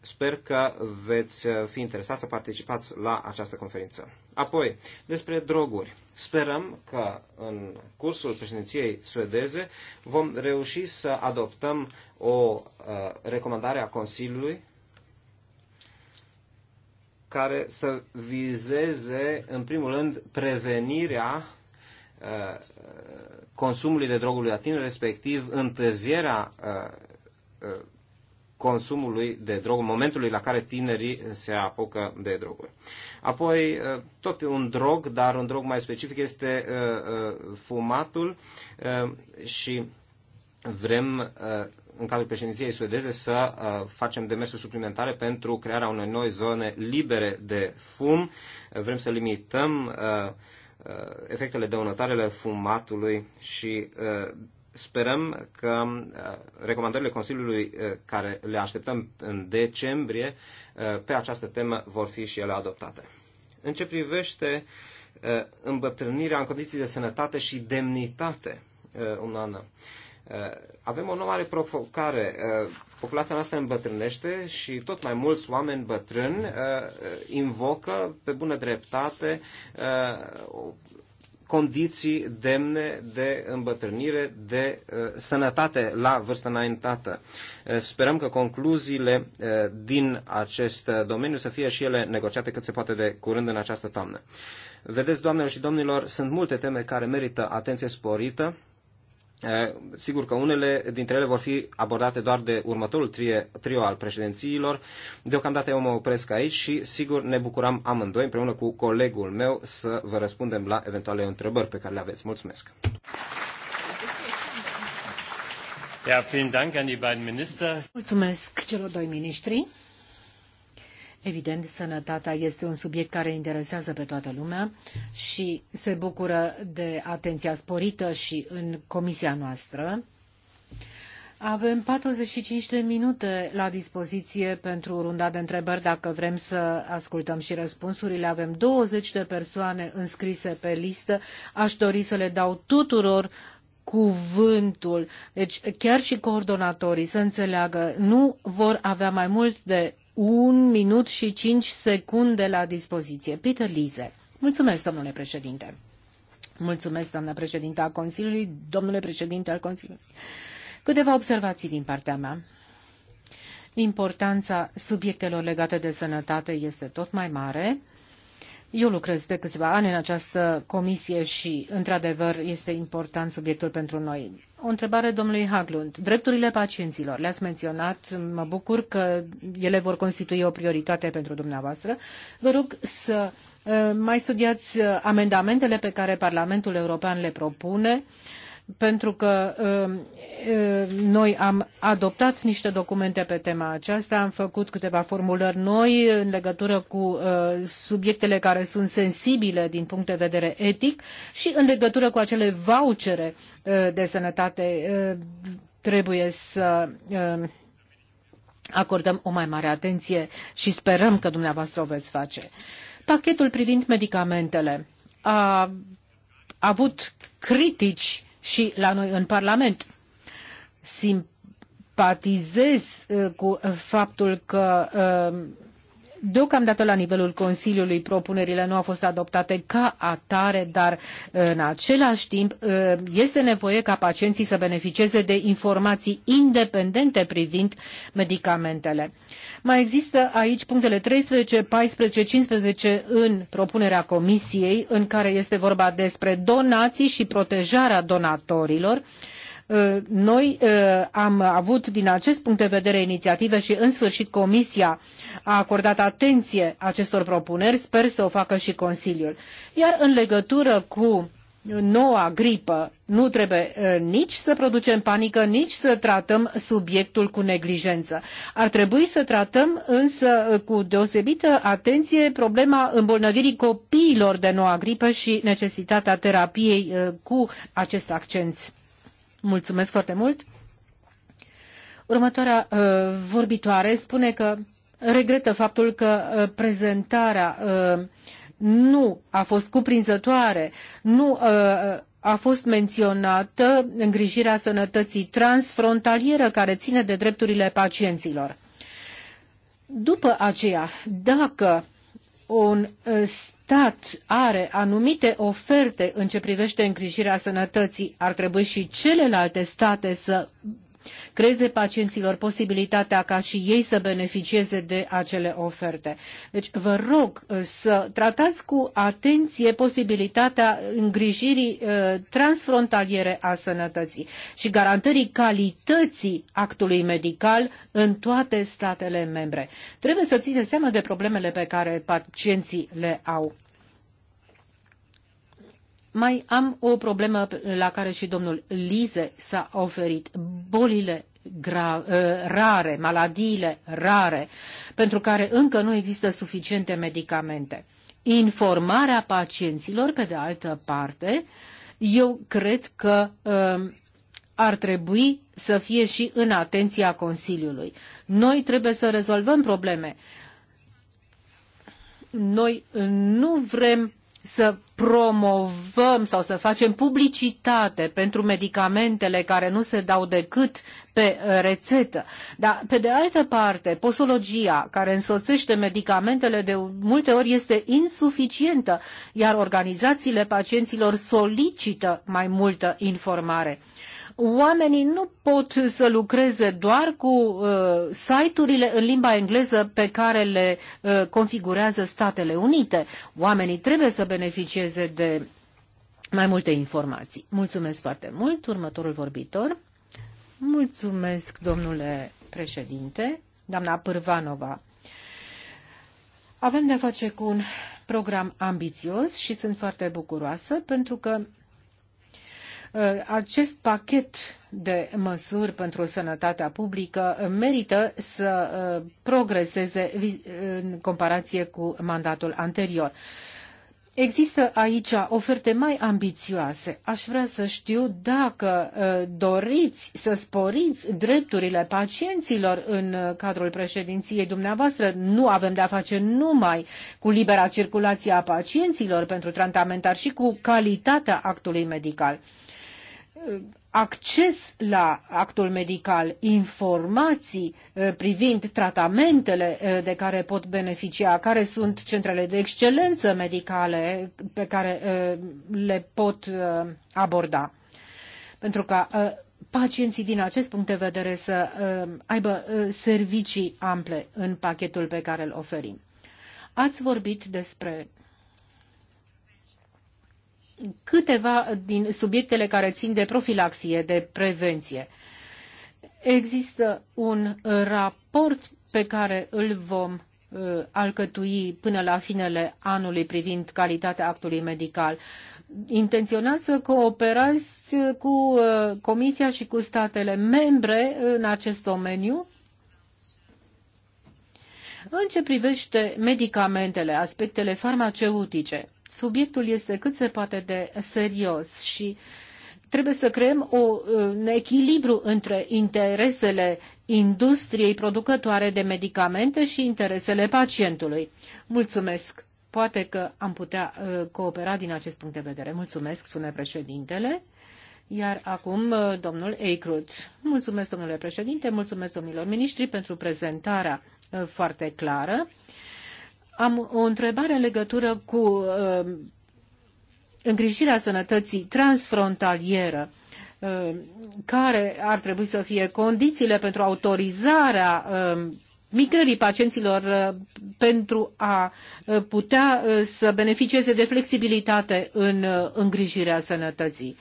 Sper că veți uh, fi interesați să participați la această conferință. Apoi, despre droguri. Sperăm că în cursul președinției suedeze vom reuși să adoptăm o Uh, recomandare a Consiliului care să vizeze, în primul rând, prevenirea uh, consumului de droguri la tineri, respectiv întârzierea uh, consumului de droguri, momentului la care tinerii se apucă de droguri. Apoi, tot un drog, dar un drog mai specific este fumatul și vrem în cadrul președinției suedeze să uh, facem demersuri suplimentare pentru crearea unei noi zone libere de fum. Uh, vrem să limităm uh, efectele dăunătoarele fumatului și sperăm că recomandările Consiliului care le așteptăm în decembrie pe această temă vor fi și ele adoptate. În ce privește îmbătrânirea în condiții de sănătate și demnitate umană. Uh, Eh, avem o nouă mare provocare. Eh, populația noastră îmbătrânește și tot mai mulți oameni bătrâni eh, invocă pe bună dreptate condiții demne de îmbătrânire, de sănătate la vârstă înaintată. Sperăm că concluziile din acest domeniu să fie și ele negociate cât se poate de curând în această toamnă. Vedeți, doamnelor și domnilor, sunt multe teme care merită atenție sporită Eh, sigur că unele dintre ele vor fi abordate doar de următorul trie, trio al președințiilor. Deocamdată eu mă opresc aici și sigur ne bucurăm amândoi împreună cu colegul meu să vă răspundem la eventuale întrebări pe care le aveți. Mulțumesc! Ja, vielen Dank an die beiden Minister. Mulțumesc celor doi ministri. Evident, sănătatea este un subiect care interesează pe toată lumea și se bucură de atenția sporită și în comisia noastră. Avem 45 de minute la dispoziție pentru runda de întrebări. Dacă vrem să ascultăm și răspunsurile, avem 20 de persoane înscrise pe listă. Aș dori să le dau tuturor cuvântul. Deci chiar și coordonatorii să înțeleagă, nu vor avea mai mult de un minut și cinci secunde la dispoziție. Peter Lise. Mulțumesc, domnule președinte. Mulțumesc, doamna președinte a Consiliului, domnule președinte al Consiliului. Câteva observații din partea mea. Importanța subiectelor legate de sănătate este tot mai mare. Eu lucrez de câțiva ani în această comisie și, într-adevăr, este important subiectul pentru noi o întrebare domnului Haglund. Drepturile pacienților, le-ați menționat, mă bucur că ele vor constitui o prioritate pentru dumneavoastră. Vă rog să eh, mai studiați eh, amendamentele pe care Parlamentul European le propune uh, pentru că um, uh, noi am adoptat niște documente pe tema aceasta, am făcut câteva formulări noi în legătură cu uh, subiectele care sunt sensibile din punct de vedere etic și în legătură cu acele vouchere uh, de sănătate trebuie să um, acordăm o mai mare atenție și sperăm că dumneavoastră o veți face. Pachetul privind medicamentele a avut critici și la noi în Parlament. Simpatizez uh, cu faptul că uh, Deocamdată la nivelul Consiliului propunerile nu au fost adoptate ca atare, dar în același timp ă, este nevoie ca pacienții să beneficieze de informații independente privind medicamentele. Mai există aici punctele 13, 14, 15 în propunerea Comisiei, în care este vorba despre donații și protejarea donatorilor. Uh, noi uh, am avut din acest punct de vedere inițiative și în sfârșit Comisia a acordat atenție acestor propuneri, sper să o facă și Consiliul. Iar în legătură cu noua gripă, nu trebuie uh, nici să producem panică, nici să tratăm subiectul cu neglijență. Ar trebui să tratăm însă cu deosebită atenție problema îmbolnăvirii copiilor de noua gripă și necesitatea terapiei cu acest accent Mulțumesc foarte mult. Următoarea uh, vorbitoare spune că regretă faptul că uh, prezentarea uh, nu a fost cuprinzătoare, nu uh, uh, a fost menționată îngrijirea sănătății transfrontalieră care ține de drepturile pacienților. După aceea, dacă un uh, stat are anumite oferte în ce privește îngrijirea sănătății, ar trebui și celelalte state să creeze pacienților posibilitatea ca și ei să beneficieze de acele oferte. Deci vă rog uh, să tratați cu atenție posibilitatea îngrijirii uh, transfrontaliere a sănătății și garantării calității actului medical în toate statele membre. Trebuie să țineți seama de problemele pe care pacienții le au mai am o problemă la care și domnul Lize s-a oferit. Bolile gra, ă, rare, maladiile rare, pentru care încă nu există suficiente medicamente. Informarea pacienților, pe de altă parte, eu cred că ă, ar trebui să fie și în atenția Consiliului. Noi trebuie să rezolvăm probleme. Noi nu vrem să promovăm sau să facem publicitate pentru medicamentele care nu se dau decât pe uh, rețetă. Dar, pe de altă parte, posologia care însoțește medicamentele de multe ori este insuficientă, iar organizațiile pacienților solicită mai multă informare. Oamenii nu pot să lucreze doar cu uh, site-urile în limba engleză pe care le uh, configurează Statele Unite. Oamenii trebuie să beneficieze de mai multe informații. Mulțumesc foarte mult. Următorul vorbitor. Mulțumesc, domnule președinte, doamna Pârvanova. Avem de-a face cu un program ambițios și sunt foarte bucuroasă pentru că Uh, acest pachet de măsuri pentru sănătatea publică merită să uh, progreseze uh, în comparație cu mandatul anterior. Există aici oferte mai ambițioase. Aș vrea să știu dacă doriți să sporiți drepturile pacienților în cadrul președinției dumneavoastră. Nu avem de-a face numai cu libera circulație a pacienților pentru tratament, dar și cu calitatea actului medical acces la actul medical, informații uh, privind tratamentele uh, de care pot beneficia, care sunt centrele de excelență medicale pe care uh, le pot aborda. Pentru ca pacienții din acest punct de vedere să aibă servicii ample în pachetul pe care îl oferim. Ați vorbit despre câteva din subiectele care țin de profilaxie, de prevenție. Există un uh, raport pe care îl vom uh, alcătui până la finele anului privind calitatea actului medical. Intenționați să cooperați uh, cu Comisia și cu statele membre în acest domeniu? În ce privește medicamentele, aspectele farmaceutice, Subiectul este cât se poate de serios și trebuie să creăm un echilibru între interesele industriei producătoare de medicamente și interesele pacientului. Mulțumesc! Poate că am putea uh, coopera din acest punct de vedere. Mulțumesc, spune președintele. Iar acum, uh, domnul Eicrut. Mulțumesc, domnule președinte, mulțumesc, domnilor miniștri, pentru prezentarea uh, foarte clară. Am o întrebare în legătură cu uh, îngrijirea sănătății transfrontalieră uh, care ar trebui să fie condițiile pentru autorizarea uh, migrării pacienților pentru a putea să beneficieze de flexibilitate în îngrijirea sănătății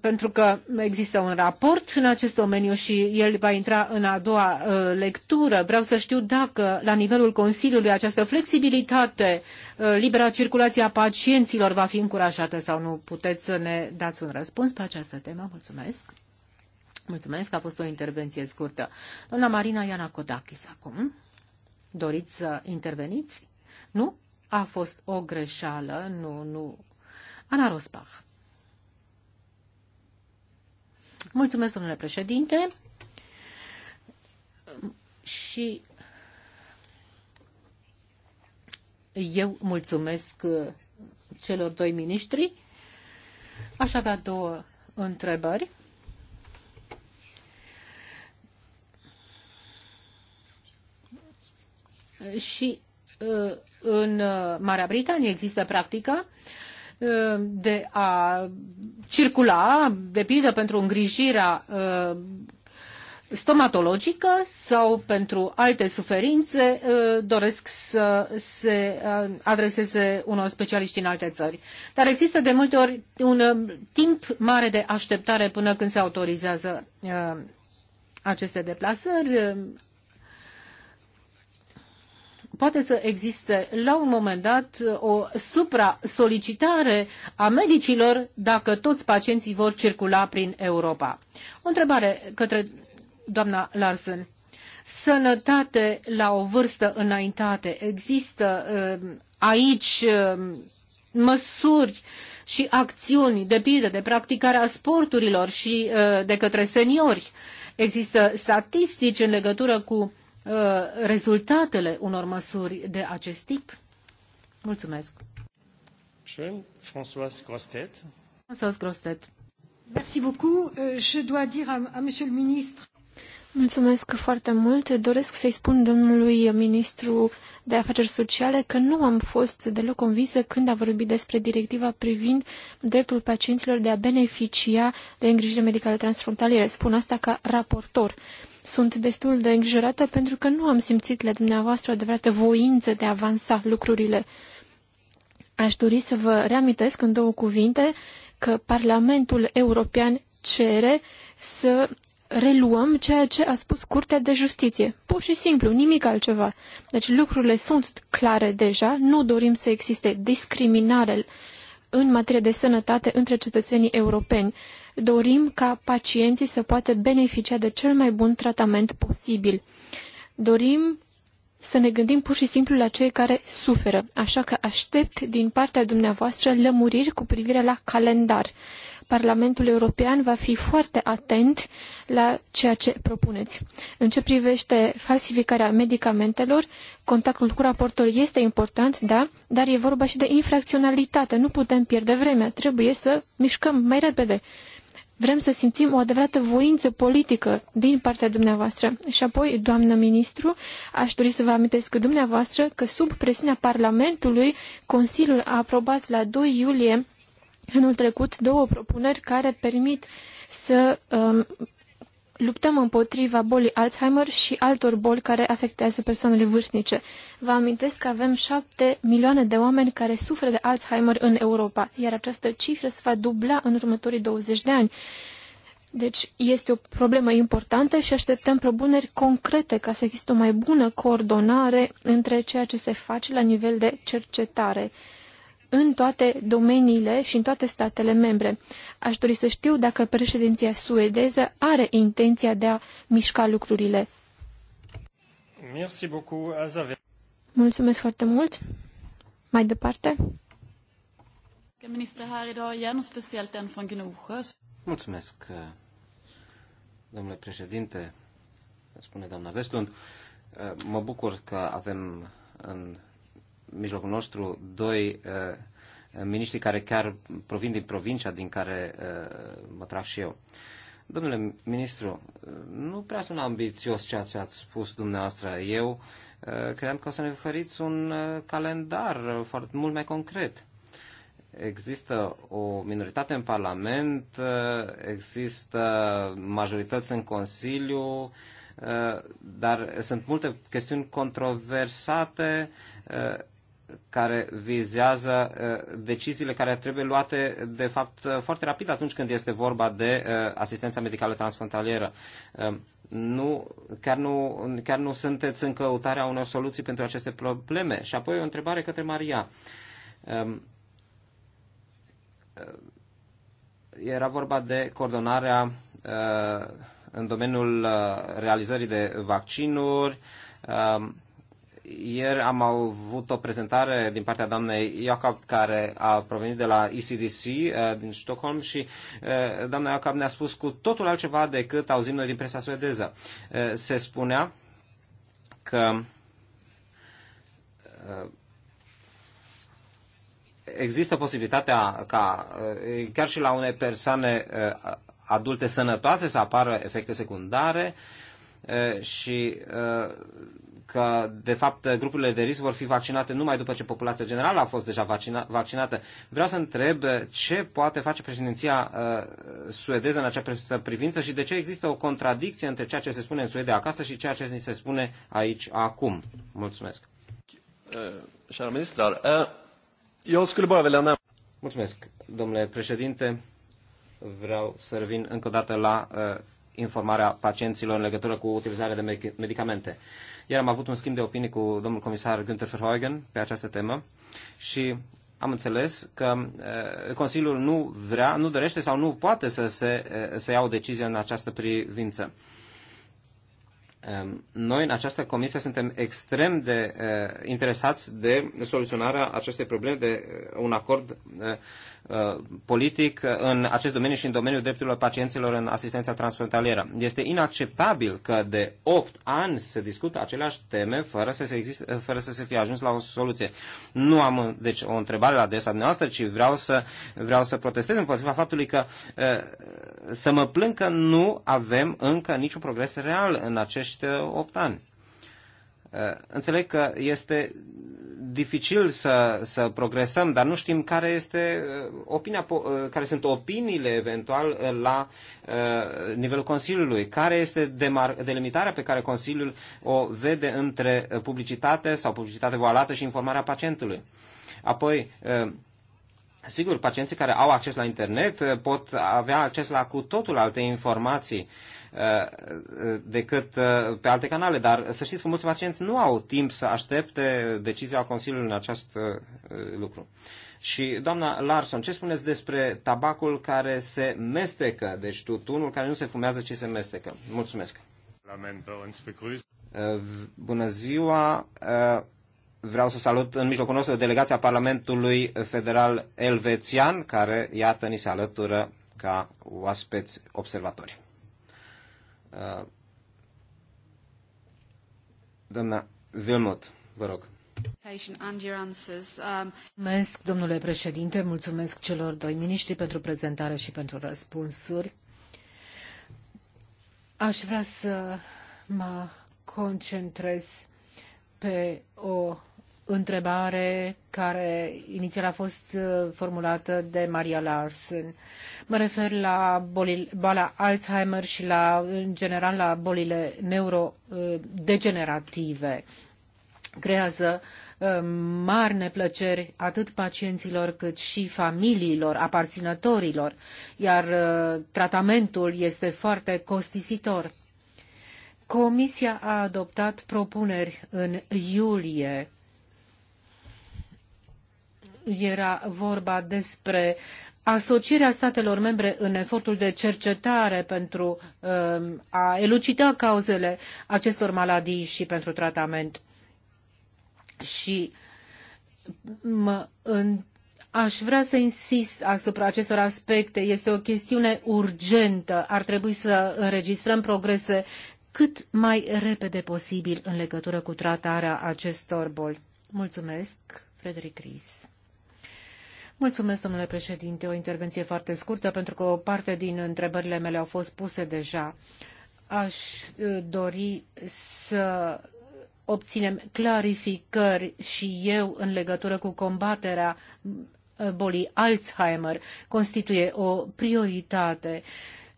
pentru că există un raport în acest domeniu și el va intra în a doua uh, lectură. Vreau să știu dacă la nivelul Consiliului această flexibilitate, uh, libera circulație a pacienților va fi încurajată sau nu. Puteți să ne dați un răspuns pe această temă? Mulțumesc. Mulțumesc, a fost o intervenție scurtă. Doamna Marina Iana Kodakis acum. Doriți să interveniți? Nu? A fost o greșeală, nu, nu. Ana Rosbach. Mulțumesc, domnule președinte. Și eu mulțumesc celor doi miniștri. Aș avea două întrebări. Și uh, în Marea Britanie există practica uh, Uh, de a circula, de pildă pentru îngrijirea uh, stomatologică sau pentru alte suferințe uh, doresc să se adreseze unor specialiști în alte țări. Dar există de multe ori un timp mare de așteptare până când se autorizează aceste deplasări poate să existe la un moment dat o supra-solicitare a medicilor dacă toți pacienții vor circula prin Europa. O întrebare către doamna Larsen. Sănătate la o vârstă înaintate. Există uh, aici uh, măsuri și acțiuni, de pildă, de practicarea sporturilor și uh, de către seniori. Există statistici în legătură cu Uh, rezultatele unor măsuri de acest tip? Mulțumesc. François Grostet. François Grostet. Merci beaucoup. Euh, je dois dire à, à monsieur le ministre Mulțumesc foarte mult. Doresc să-i spun domnului ministru de afaceri sociale că nu am fost deloc convinsă când a vorbit despre directiva privind dreptul pacienților de a beneficia de îngrijire medicală transfrontalieră. Spun asta ca raportor. Sunt destul de îngrijorată pentru că nu am simțit la dumneavoastră o adevărată voință de a avansa lucrurile. Aș dori să vă reamintesc în două cuvinte că Parlamentul European cere să reluăm ceea ce a spus Curtea de Justiție. Pur și simplu, nimic altceva. Deci lucrurile sunt clare deja, nu dorim să existe discriminare în materie de sănătate între cetățenii europeni. Dorim ca pacienții să poată beneficia de cel mai bun tratament posibil. Dorim să ne gândim pur și simplu la cei care suferă, așa că aștept din partea dumneavoastră lămuriri cu privire la calendar. Parlamentul European va fi foarte atent la ceea ce propuneți. În ce privește falsificarea medicamentelor, contactul cu raportul este important, da, dar e vorba și de infracționalitate. Nu putem pierde vremea, trebuie să mișcăm mai repede. Vrem să simțim o adevărată voință politică din partea dumneavoastră. Și apoi, doamnă ministru, aș dori să vă amintesc dumneavoastră că sub presiunea Parlamentului, Consiliul a aprobat la 2 iulie anul trecut două propuneri care permit să um, luptăm împotriva bolii Alzheimer și altor boli care afectează persoanele vârstnice. Vă amintesc că avem șapte milioane de oameni care suferă de Alzheimer în Europa, iar această cifră se va dubla în următorii 20 de ani. Deci este o problemă importantă și așteptăm propuneri concrete ca să există o mai bună coordonare între ceea ce se face la nivel de cercetare în toate domeniile și în toate statele membre. Aș dori să știu dacă președinția suedeză are intenția de a mișca lucrurile. Mulțumesc foarte mult. Mai departe. Mulțumesc, domnule președinte, spune doamna Vestlund. Mă bucur că avem în mijlocul nostru doi eh, miniștri care chiar provin din provincia din care eh, mă trag și eu. Domnule ministru, eh, nu prea sunt ambițios ceea ce ați spus dumneavoastră. Eu credeam că o să ne oferiți un calendar foarte mult mai concret. Există o minoritate în Parlament, există majorități în Consiliu, dar sunt multe chestiuni controversate, care vizează uh, deciziile care trebuie luate, de fapt, uh, foarte rapid atunci când este vorba de uh, asistența medicală transfrontalieră. Um, nu, chiar, nu, chiar nu sunteți în căutarea unor soluții pentru aceste probleme. Și apoi o întrebare către Maria. Um, era vorba de coordonarea în domeniul realizării de vaccinuri, um, ieri am avut o prezentare din partea doamnei Iacob, care a provenit de la ECDC uh, din Stockholm și uh, doamna Iacob ne-a spus cu totul altceva decât auzim noi din presa suedeză. Uh, se spunea că există posibilitatea ca chiar și la unei persoane adulte sănătoase să apară efecte secundare și că, de fapt, grupurile de risc vor fi vaccinate numai după ce populația generală a fost deja vaccina, vaccinată. Vreau să întreb ce poate face președinția uh, suedeză în această privință și de ce există o contradicție între ceea ce se spune în Suedia acasă și ceea ce ni se spune aici acum. Mulțumesc. Uh, ministrar, eh, jag skulle bara Mulțumesc, domnule președinte. Vreau să revin încă o dată la uh, informarea pacienților în legătură cu utilizarea de medicamente. Uh, ieri am avut un schimb de opinii cu domnul comisar Günther Verheugen pe această temă și am înțeles că eh, Consiliul nu vrea, nu dorește sau nu poate să, se, eh, să ia o decizie în această privință. Ehm, noi, în această comisie, suntem extrem de uh, interesați de soluționarea acestei probleme, de uh, un acord uh, politic în acest domeniu și în domeniul drepturilor pacienților în asistența transfrontalieră. Este inacceptabil că de 8 ani se discută aceleași teme fără să se, exist, fără să se fie ajuns la o soluție. Nu am deci, o întrebare la adresa dumneavoastră, ci vreau să, vreau să protestez împotriva faptului că uh, să mă plâng că nu avem încă niciun progres real în acești acești 8 uh, ani. Uh, înțeleg că este dificil să, să progresăm, dar nu știm care este uh, opinia, care sunt opiniile eventual la nivelul Consiliului, care este demar- delimitarea pe care Consiliul o vede între publicitate sau publicitate voalată și informarea pacientului. Apoi, Sigur, pacienții care au acces la internet pot avea acces la cu totul alte informații Uh, decât uh, pe alte canale. Dar să știți că mulți pacienți nu au timp să aștepte decizia Consiliului în acest uh, lucru. Și, doamna Larson, ce spuneți despre tabacul care se mestecă, deci tutunul care nu se fumează, ci se mestecă? Mulțumesc! Bună ziua! Vreau să salut în mijlocul nostru delegația Parlamentului Federal Elvețian, care, iată, ni se alătură ca oaspeți observatori. Uh, doamna Vilmot, vă rog. Um, mulțumesc, domnule președinte, mulțumesc celor doi miniștri pentru prezentare și pentru răspunsuri. Aș vrea să mă concentrez pe o întrebare care inițial a fost uh, formulată de Maria Larsen. Mă refer la bolile, boala Alzheimer și la, în general la bolile neurodegenerative. Uh, Creează uh, mari neplăceri atât pacienților cât și familiilor, aparținătorilor, iar tratamentul este foarte costisitor. Comisia a adoptat propuneri în iulie era vorba despre asocierea statelor membre în efortul de cercetare pentru um, a elucida cauzele acestor maladii și pentru tratament. Și mă Aș vrea să insist asupra acestor aspecte. Este o chestiune urgentă. Ar trebui să înregistrăm progrese cât mai repede posibil în legătură cu tratarea acestor boli. Mulțumesc, Frederic Ries. Mulțumesc, domnule președinte. O intervenție foarte scurtă, pentru că o parte din întrebările mele au fost puse deja. Aș dori să obținem clarificări și eu în legătură cu combaterea bolii Alzheimer. Constituie o prioritate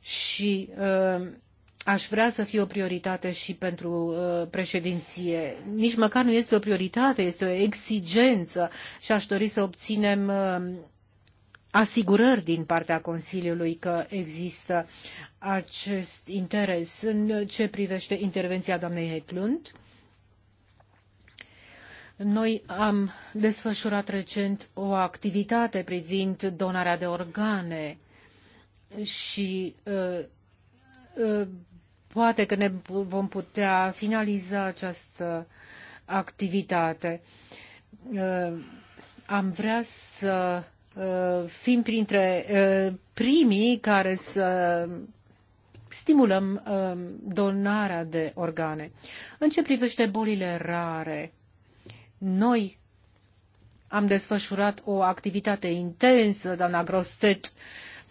și uh, aș vrea să fie o prioritate și pentru uh, președinție. Nici măcar nu este o prioritate, este o exigență și aș dori să obținem uh, asigurări din partea Consiliului că există acest interes. În ce privește intervenția doamnei Heclund, noi am desfășurat recent o activitate privind donarea de organe și uh, uh poate că ne vom putea finaliza această activitate. Uh, am vrea să uh, fim printre uh, primii care să stimulăm donarea de organe. În ce privește bolile rare, noi am desfășurat o activitate intensă, doamna Grostet, uh,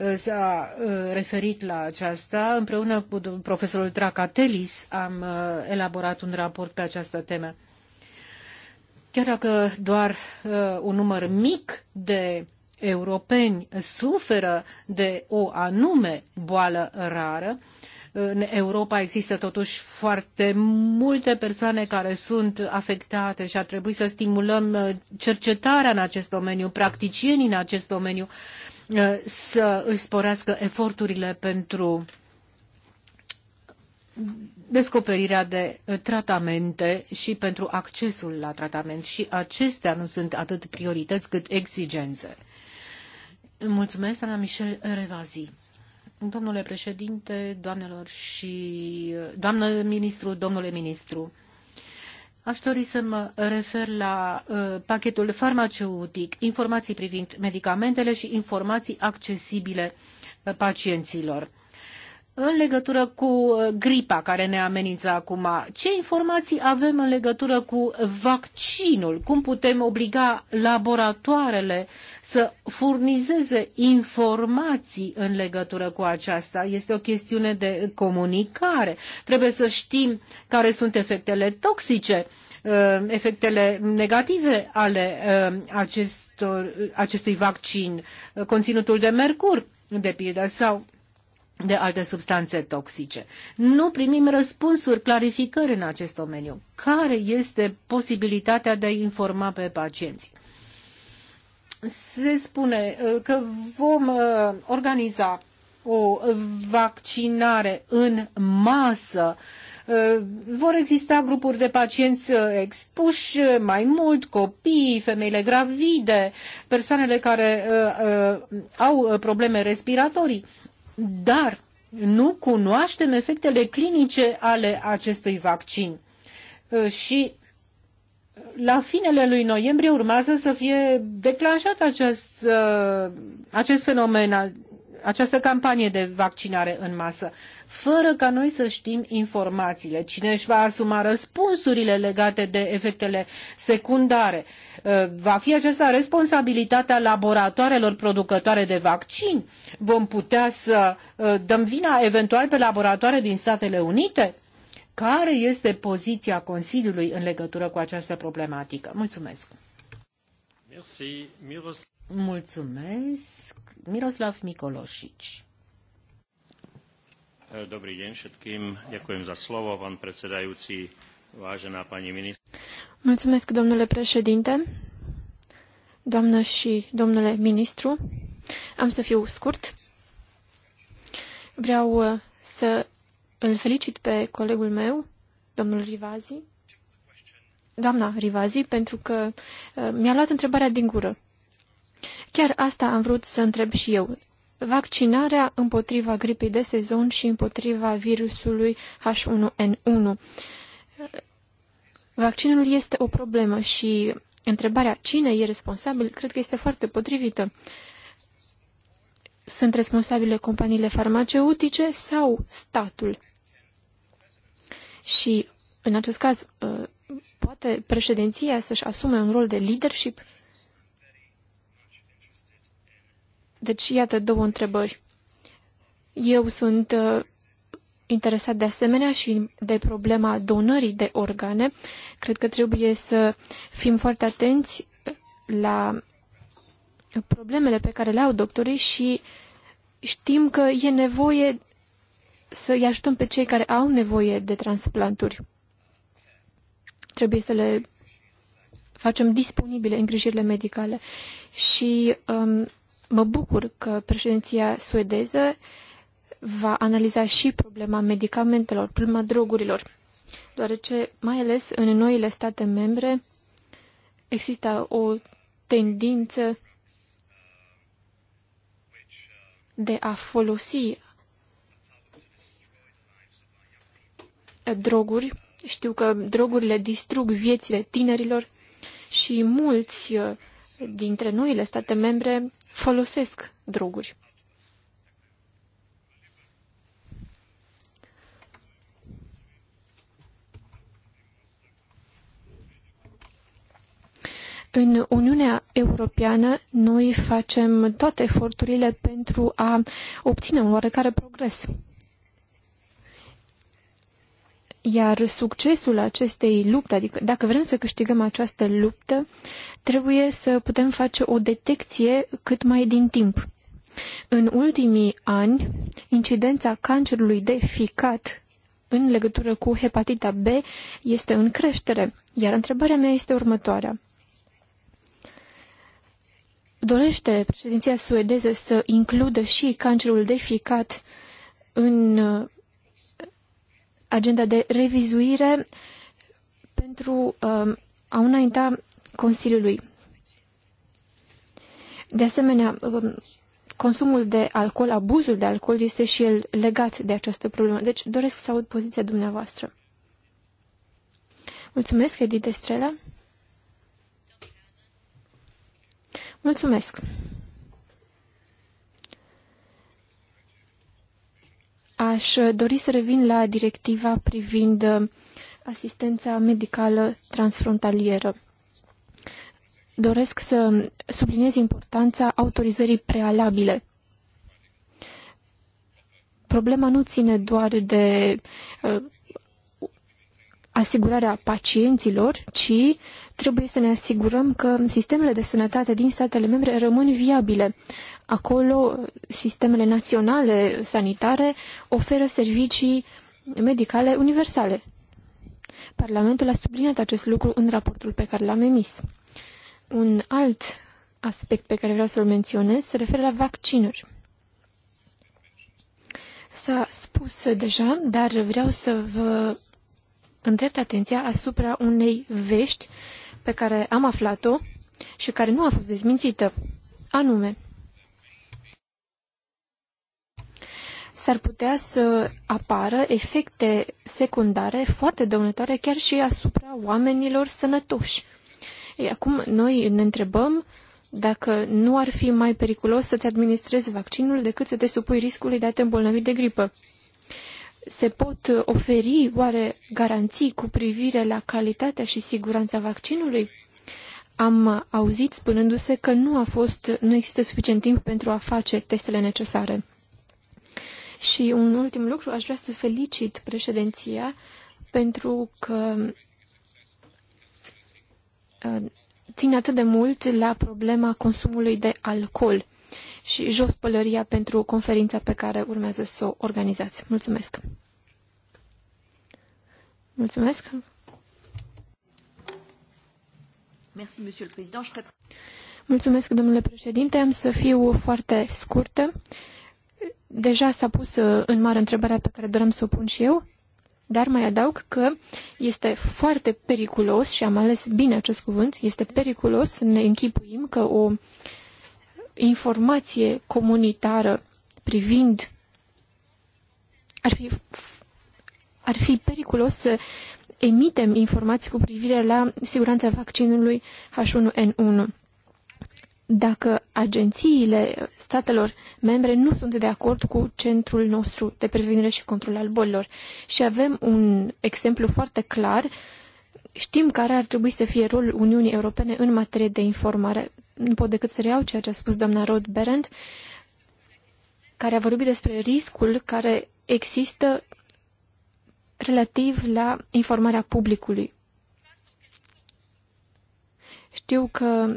Uh, s-a uh, referit la aceasta. Împreună cu profesorul Tracatelis am uh, elaborat un raport pe această temă. Chiar dacă doar un număr mic de europeni suferă de o anume boală rară, în Europa există totuși foarte multe persoane care sunt afectate și ar trebui să stimulăm cercetarea în acest domeniu, practicienii în acest domeniu, Uh, să își sporească eforturile pentru descoperirea de tratamente și pentru accesul la tratament și acestea nu sunt atât priorități cât exigențe. Mulțumesc, doamna Michel Revazi. Domnule președinte, doamnelor și doamnă ministru, domnule ministru, Aș dori să mă refer la uh, pachetul farmaceutic, informații privind medicamentele și informații accesibile uh, pacienților în legătură cu uh, gripa care ne amenință acum, ce informații avem în legătură cu vaccinul? Cum putem obliga laboratoarele să furnizeze informații în legătură cu aceasta? Este o chestiune de comunicare. Trebuie să știm care sunt efectele toxice uh, efectele negative ale uh, acestor, acestui vaccin, conținutul de mercur, de pildă, sau de alte substanțe toxice. Nu primim răspunsuri, clarificări în acest domeniu. Care este posibilitatea de a informa pe pacienți? Se spune uh, că vom uh, organiza o vaccinare în masă. Uh, vor exista grupuri de pacienți expuși mai mult, copii, femeile gravide, persoanele care au probleme respiratorii dar nu cunoaștem efectele clinice ale acestui vaccin. Uh, și la finele lui noiembrie urmează să fie declanșat acest, uh, acest fenomen această campanie de vaccinare în masă, fără ca noi să știm informațiile, cine își va asuma răspunsurile legate de efectele secundare. Uh, va fi aceasta responsabilitatea laboratoarelor producătoare de vaccin? Vom putea să uh, dăm vina eventual pe laboratoare din Statele Unite? Care este poziția Consiliului în legătură cu această problematică? Mulțumesc! Mulțumesc. Miroslav Mikološič. Dobrý deň všetkým. Ďakujem za slovo, pán predsedajúci, vážená pani ministr. Mulțumesc, domnule președinte, doamnă și domnule ministru. Am să fiu scurt. Vreau să îl felicit pe colegul meu, domnul Rivazi, doamna Rivazi, pentru că mi-a luat întrebarea din gură. Chiar asta am vrut să întreb și eu. Vaccinarea împotriva gripei de sezon și împotriva virusului H1N1. Vaccinul este o problemă și întrebarea cine e responsabil cred că este foarte potrivită. Sunt responsabile companiile farmaceutice sau statul? Și, în acest caz, uh, poate președinția să-și asume un rol de leadership Deci, iată două întrebări. Eu sunt uh, interesat de asemenea și de problema donării de organe. Cred că trebuie să fim foarte atenți uh, la problemele pe care le au doctorii și știm că e nevoie să îi ajutăm pe cei care au nevoie de transplanturi. Trebuie să le facem disponibile îngrijirile medicale. Și um, Mă bucur că președinția suedeză va analiza și problema medicamentelor, problema drogurilor, deoarece, mai ales în noile state membre, există o tendință de a folosi droguri. Știu că drogurile distrug viețile tinerilor și mulți dintre noile state membre folosesc droguri. În Uniunea Europeană, noi facem toate eforturile pentru a obține un oarecare progres. Iar succesul acestei lupte, adică dacă vrem să câștigăm această luptă, trebuie să putem face o detecție cât mai din timp. În ultimii ani, incidența cancerului de ficat în legătură cu hepatita B este în creștere, iar întrebarea mea este următoarea. Dorește președinția suedeză să includă și cancerul de ficat în agenda de revizuire pentru um, a înainta Consiliului. De asemenea, um, consumul de alcool, abuzul de alcool este și el legat de această problemă. Deci doresc să aud poziția dumneavoastră. Mulțumesc, Edith Estrela. Mulțumesc. Aș dori să revin la directiva privind uh, asistența medicală transfrontalieră. Doresc să subliniez importanța autorizării prealabile. Problema nu ține doar de uh, asigurarea pacienților, ci trebuie să ne asigurăm că sistemele de sănătate din statele membre rămân viabile. Acolo, sistemele naționale sanitare oferă servicii medicale universale. Parlamentul a subliniat acest lucru în raportul pe care l-am emis. Un alt aspect pe care vreau să-l menționez se referă la vaccinuri. S-a spus deja, dar vreau să vă îndrept atenția asupra unei vești pe care am aflat-o și care nu a fost dezmințită, anume s-ar putea să apară efecte secundare foarte dăunătoare chiar și asupra oamenilor sănătoși. acum noi ne întrebăm dacă nu ar fi mai periculos să-ți administrezi vaccinul decât să te supui riscului de a te îmbolnăvi de gripă. Se pot oferi oare garanții cu privire la calitatea și siguranța vaccinului? Am auzit spunându-se că nu a fost, nu există suficient timp pentru a face testele necesare. Și un ultim lucru, aș vrea să felicit președinția pentru că uh, ține atât de mult la problema consumului de alcool și jos pălăria pentru conferința pe care urmează să o organizați. Mulțumesc! Mulțumesc! Mulțumesc, domnule președinte. Am să fiu foarte scurtă deja s-a pus uh, în mare întrebarea pe care doream să o pun și eu, dar mai adaug că este foarte periculos și am ales bine acest cuvânt, este periculos să ne închipuim că o informație comunitară privind ar fi, ar fi periculos să emitem informații cu privire la siguranța vaccinului H1N1 dacă agențiile statelor membre nu sunt de acord cu centrul nostru de prevenire și control al bolilor. Și avem un exemplu foarte clar. Știm care ar trebui să fie rolul Uniunii Europene în materie de informare. Nu pot decât să reiau ceea ce a spus doamna Rod Berend, care a vorbit despre riscul care există relativ la informarea publicului. Știu că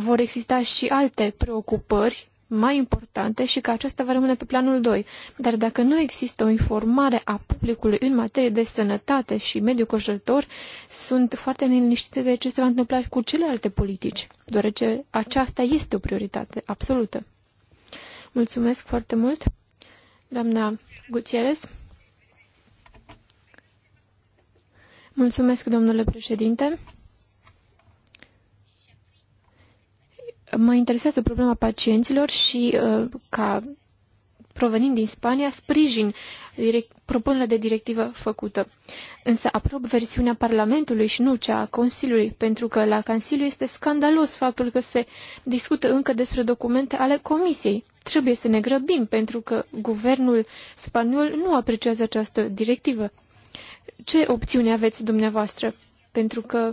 vor exista și alte preocupări mai importante și că aceasta va rămâne pe planul 2. Dar dacă nu există o informare a publicului în materie de sănătate și mediu conjurător, sunt foarte neliniștite de ce se va întâmpla cu celelalte politici, deoarece aceasta este o prioritate absolută. Mulțumesc foarte mult, doamna Gutierrez. Mulțumesc, domnule președinte. Mă interesează problema pacienților și, uh, ca provenind din Spania, sprijin direct, propunerea de directivă făcută. Însă aprob versiunea Parlamentului și nu cea a Consiliului, pentru că la Consiliu este scandalos faptul că se discută încă despre documente ale Comisiei. Trebuie să ne grăbim, pentru că guvernul spaniol nu apreciază această directivă. Ce opțiune aveți dumneavoastră? Pentru că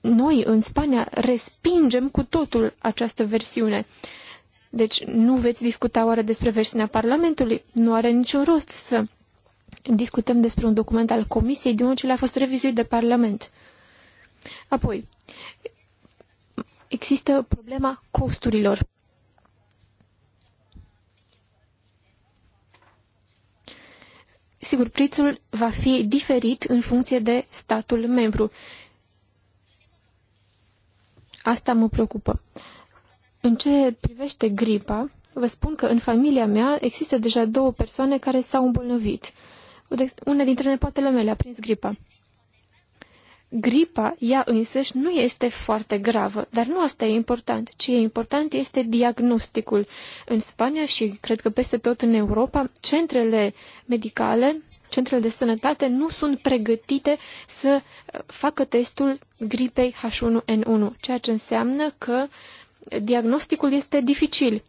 noi, în Spania, respingem cu totul această versiune. Deci nu veți discuta oare despre versiunea Parlamentului? Nu are niciun rost să discutăm despre un document al Comisiei din ce l-a fost revizuit de Parlament. Apoi, există problema costurilor. Sigur, prețul va fi diferit în funcție de statul membru Asta mă preocupă. În ce privește gripa, vă spun că în familia mea există deja două persoane care s-au îmbolnăvit. Una dintre nepoatele mele a prins gripa. Gripa, ea însăși, nu este foarte gravă, dar nu asta e important. Ce e important este diagnosticul. În Spania și cred că peste tot în Europa, centrele medicale centrele de sănătate nu sunt pregătite să uh, facă testul gripei H1N1, ceea ce înseamnă că diagnosticul este dificil.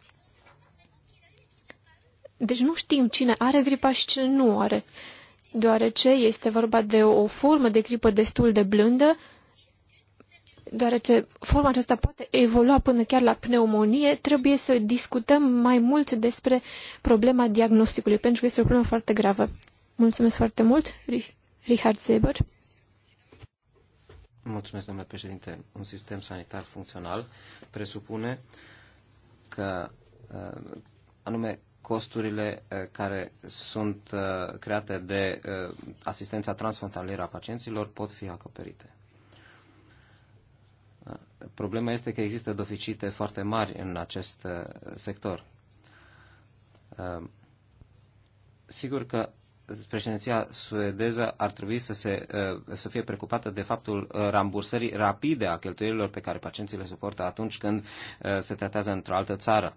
Deci nu știm cine are gripa și cine nu are, deoarece este vorba de o formă de gripă destul de blândă, deoarece forma aceasta poate evolua până chiar la pneumonie, trebuie să discutăm mai mult despre problema diagnosticului, pentru că este o problemă foarte gravă. Mulțumesc foarte mult, Richard Zeber. Mulțumesc, domnule președinte. Un sistem sanitar funcțional presupune că uh, anume costurile uh, care sunt uh, create de asistența transfrontalieră a pacienților pot fi acoperite. Problema este că există deficite foarte mari în acest sector. Sigur că președinția suedeză ar trebui să, se, uh, să fie preocupată de faptul uh, rambursării rapide a cheltuielilor pe care pacienții le suportă atunci când uh, se tratează într-o altă țară.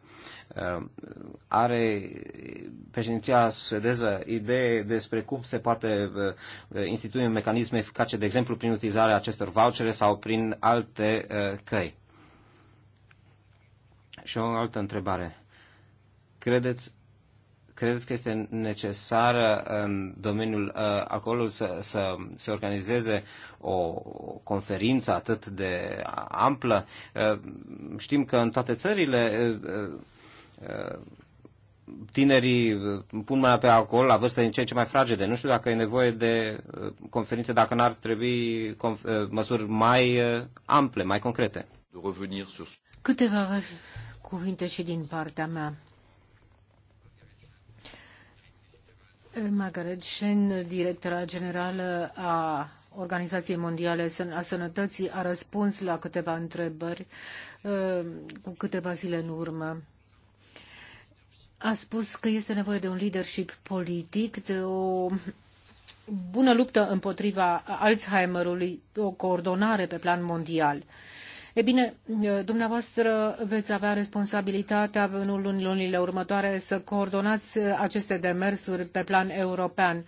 Are președinția suedeză idee despre cum se poate institui un mecanism eficace, de exemplu, prin utilizarea acestor vouchere sau prin alte căi. Și o altă întrebare. Credeți credeți că este necesară în domeniul ă, acolo să, să se organizeze o conferință atât de amplă? Ă, știm că în toate țările ă, tinerii pun mâna pe alcool la vârste din ce în ce mai fragede. Nu știu dacă e nevoie de conferințe, dacă n-ar trebui măsuri mai ample, mai concrete. Câteva cuvinte și din partea mea. Margaret Shen, directora generală a Organizației Mondiale a Sănătății, a răspuns la câteva întrebări uh, cu câteva zile în urmă. A spus că este nevoie de un leadership politic, de o bună luptă împotriva Alzheimerului, o coordonare pe plan mondial. E bine, dumneavoastră veți avea responsabilitatea în lunile următoare să coordonați aceste demersuri pe plan european.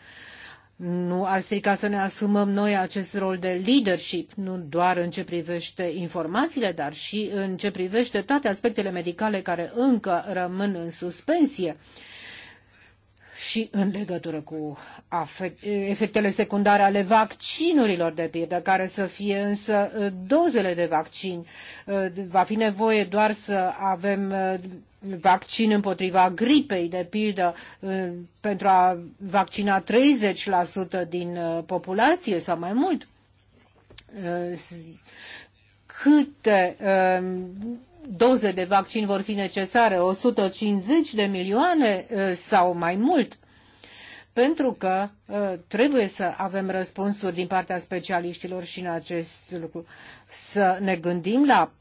Nu ar strica să ne asumăm noi acest rol de leadership, nu doar în ce privește informațiile, dar și în ce privește toate aspectele medicale care încă rămân în suspensie. Uh, și în legătură cu efectele secundare ale vaccinurilor de pildă, care să fie însă uh, dozele de vaccin. Uh, va fi nevoie doar să avem uh, vaccin împotriva gripei, de pildă, pentru a vaccina 30% din populație sau mai mult câte doze de vaccin vor fi necesare, 150 de milioane uh, sau mai mult, pentru că uh, trebuie să avem răspunsuri din partea specialiștilor și în acest lucru. Să ne gândim la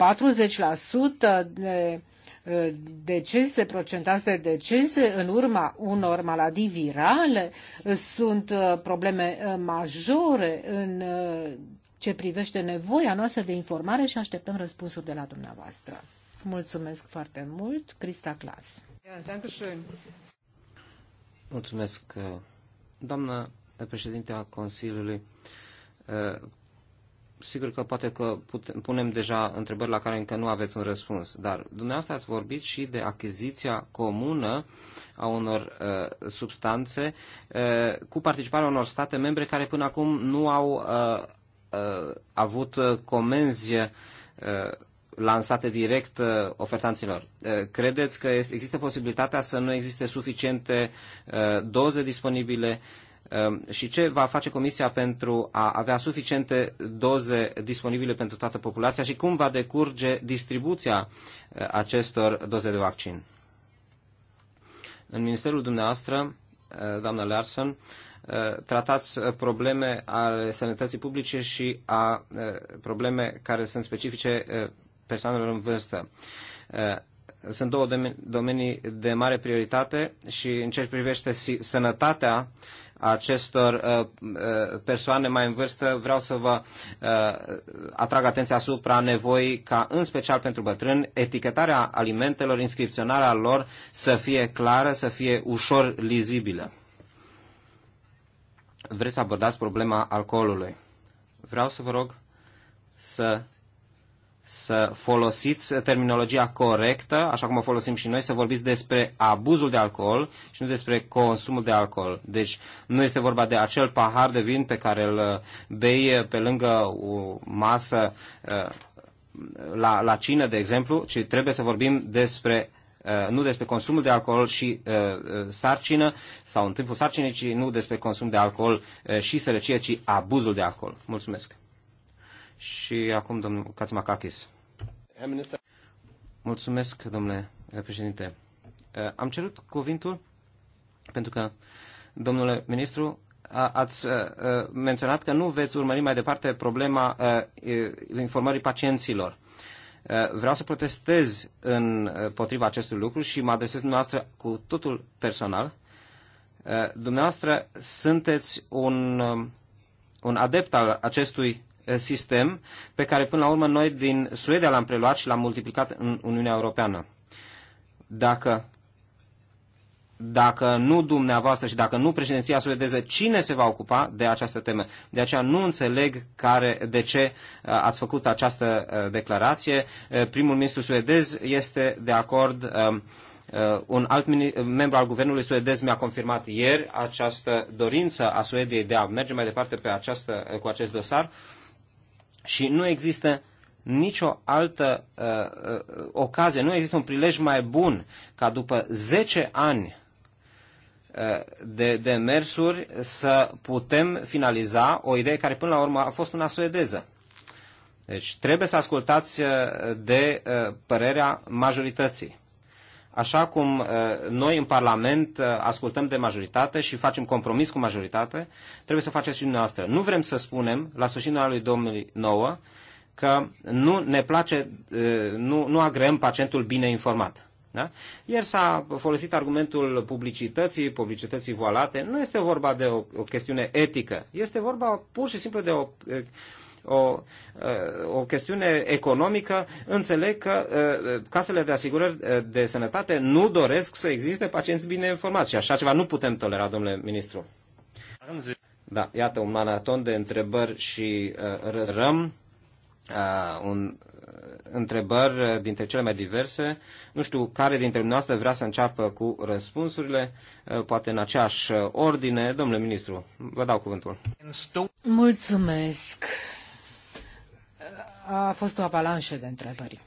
40% de uh, decese, procentate de decese în urma unor maladii virale sunt probleme majore în ce privește nevoia noastră de informare și așteptăm răspunsuri de la dumneavoastră. Mulțumesc foarte mult, Crista Clas. Mulțumesc, uh, doamnă președinte a Consiliului. Uh, sigur că poate că putem, punem deja întrebări la care încă nu aveți un răspuns, dar dumneavoastră ați vorbit și de achiziția comună a unor uh, substanțe uh, cu participarea unor state membre care până acum nu au uh, Uh, avut uh, comenzi uh, lansate direct ofertanților. Credeți că există posibilitatea să nu existe suficiente doze disponibile um, și ce va face Comisia pentru a avea suficiente doze disponibile pentru toată populația și cum va decurge distribuția acestor doze de vaccin? În ministerul dumneavoastră, doamna Larson, tratați uh, probleme ale sănătății publice și a uh, probleme care sunt specifice uh, persoanelor în vârstă. Sunt două domenii de mare prioritate și în ce privește sănătatea acestor persoane mai în vârstă, vreau să vă atrag atenția asupra nevoii ca, în special pentru bătrâni, etichetarea alimentelor, inscripționarea lor să fie clară, să fie ușor lizibilă vreți să abordați problema alcoolului. Vreau să vă rog să, să folosiți terminologia corectă, așa cum o folosim și noi, să vorbiți despre abuzul de alcool și nu despre consumul de alcool. Deci nu este vorba de acel pahar de vin pe care îl uh, bei uh, pe lângă o masă uh, la, la cină, de exemplu, ci trebuie să vorbim despre Uh, nu despre consumul de alcool și uh, uh, sarcină sau în timpul sarcinei, ci nu despre consum de alcool și sărăcie, ci abuzul de alcool. Mulțumesc. Și acum domnul Katsimakakis. Mulțumesc, domnule președinte. Am cerut cuvintul pentru că, domnule ministru, ați menționat că nu veți urmări mai departe problema informării pacienților. Eh, vreau să protestez împotriva eh, acestui lucru și mă adresez dumneavoastră cu totul personal. Eh, dumneavoastră sunteți un, un adept al acestui sistem pe care până la urmă noi din Suedia l-am preluat și l-am multiplicat în Uniunea Europeană. Dacă dacă nu dumneavoastră și dacă nu președinția suedeză, cine se va ocupa de această temă? De aceea nu înțeleg care, de ce uh, ați făcut această uh, declarație. Uh, primul ministru suedez este de acord. Um, un alt membru al guvernului suedez mi-a confirmat ieri această dorință a Suediei de a merge mai departe pe această, cu acest dosar și nu există nicio altă uh, ocazie, nu există un prilej mai bun ca după 10 ani de, de mersuri să putem finaliza o idee care până la urmă a fost una suedeză. Deci trebuie să ascultați uh, de uh, părerea majorității. Așa cum uh, noi în Parlament ascultăm de majoritate și facem compromis cu majoritate, trebuie să faceți și dumneavoastră. Nu vrem să spunem, la sfârșitul anului 2009, că nu ne place, nu, nu agrem pacientul bine informat. Da? Iar s-a folosit argumentul publicității, publicității voalate. Nu este vorba de o, o chestiune etică, este vorba pur și simplu de o, o, o chestiune economică. Înțeleg că casele de asigurări de sănătate nu doresc să existe pacienți bine informați și așa ceva nu putem tolera, domnule ministru. Da, iată un maraton de întrebări și uh, răzrăm. Uh, un întrebări dintre cele mai diverse. Nu știu care dintre dumneavoastră vrea să înceapă cu răspunsurile, uh, poate în aceeași ordine. Domnule ministru, vă dau cuvântul. Mulțumesc. A fost o avalanșă de întrebări.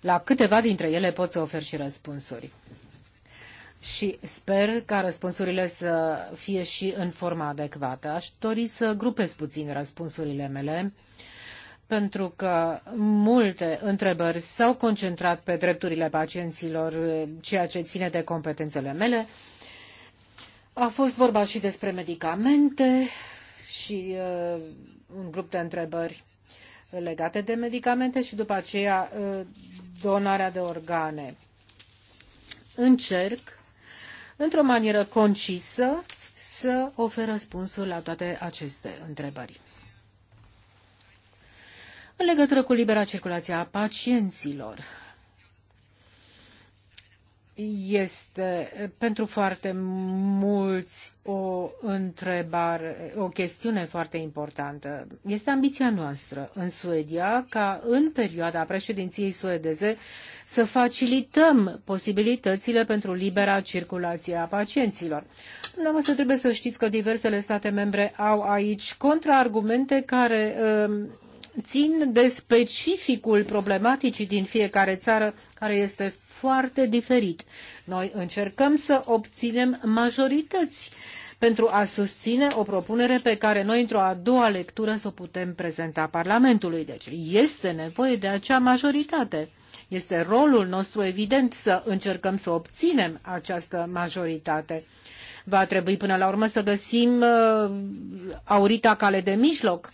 La câteva dintre ele pot să ofer și răspunsuri. Și sper ca răspunsurile să fie și în forma adecvată. Aș dori să grupez puțin răspunsurile mele. Uh, pentru că multe întrebări s-au concentrat pe drepturile pacienților, ceea ce ține de competențele mele. A fost vorba și despre medicamente și uh, un grup de întrebări legate de medicamente și după aceea uh, donarea de organe. Încerc, într-o manieră concisă, să ofer răspunsul la toate aceste întrebări în legătură cu libera circulație a pacienților. Este pentru foarte mulți o întrebare, o chestiune foarte importantă. Este ambiția noastră în Suedia ca în perioada președinției suedeze să facilităm posibilitățile pentru libera circulație a pacienților. Dumneavoastră să trebuie să știți că diversele state membre au aici contraargumente care uh, țin de specificul problematicii din fiecare țară, care este foarte diferit. Noi încercăm să obținem majorități pentru a susține o propunere pe care noi, într-o a doua lectură, să o putem prezenta Parlamentului. Deci este nevoie de acea majoritate. Este rolul nostru, evident, să încercăm să obținem această majoritate. Va trebui până la urmă să găsim uh, aurita cale de mijloc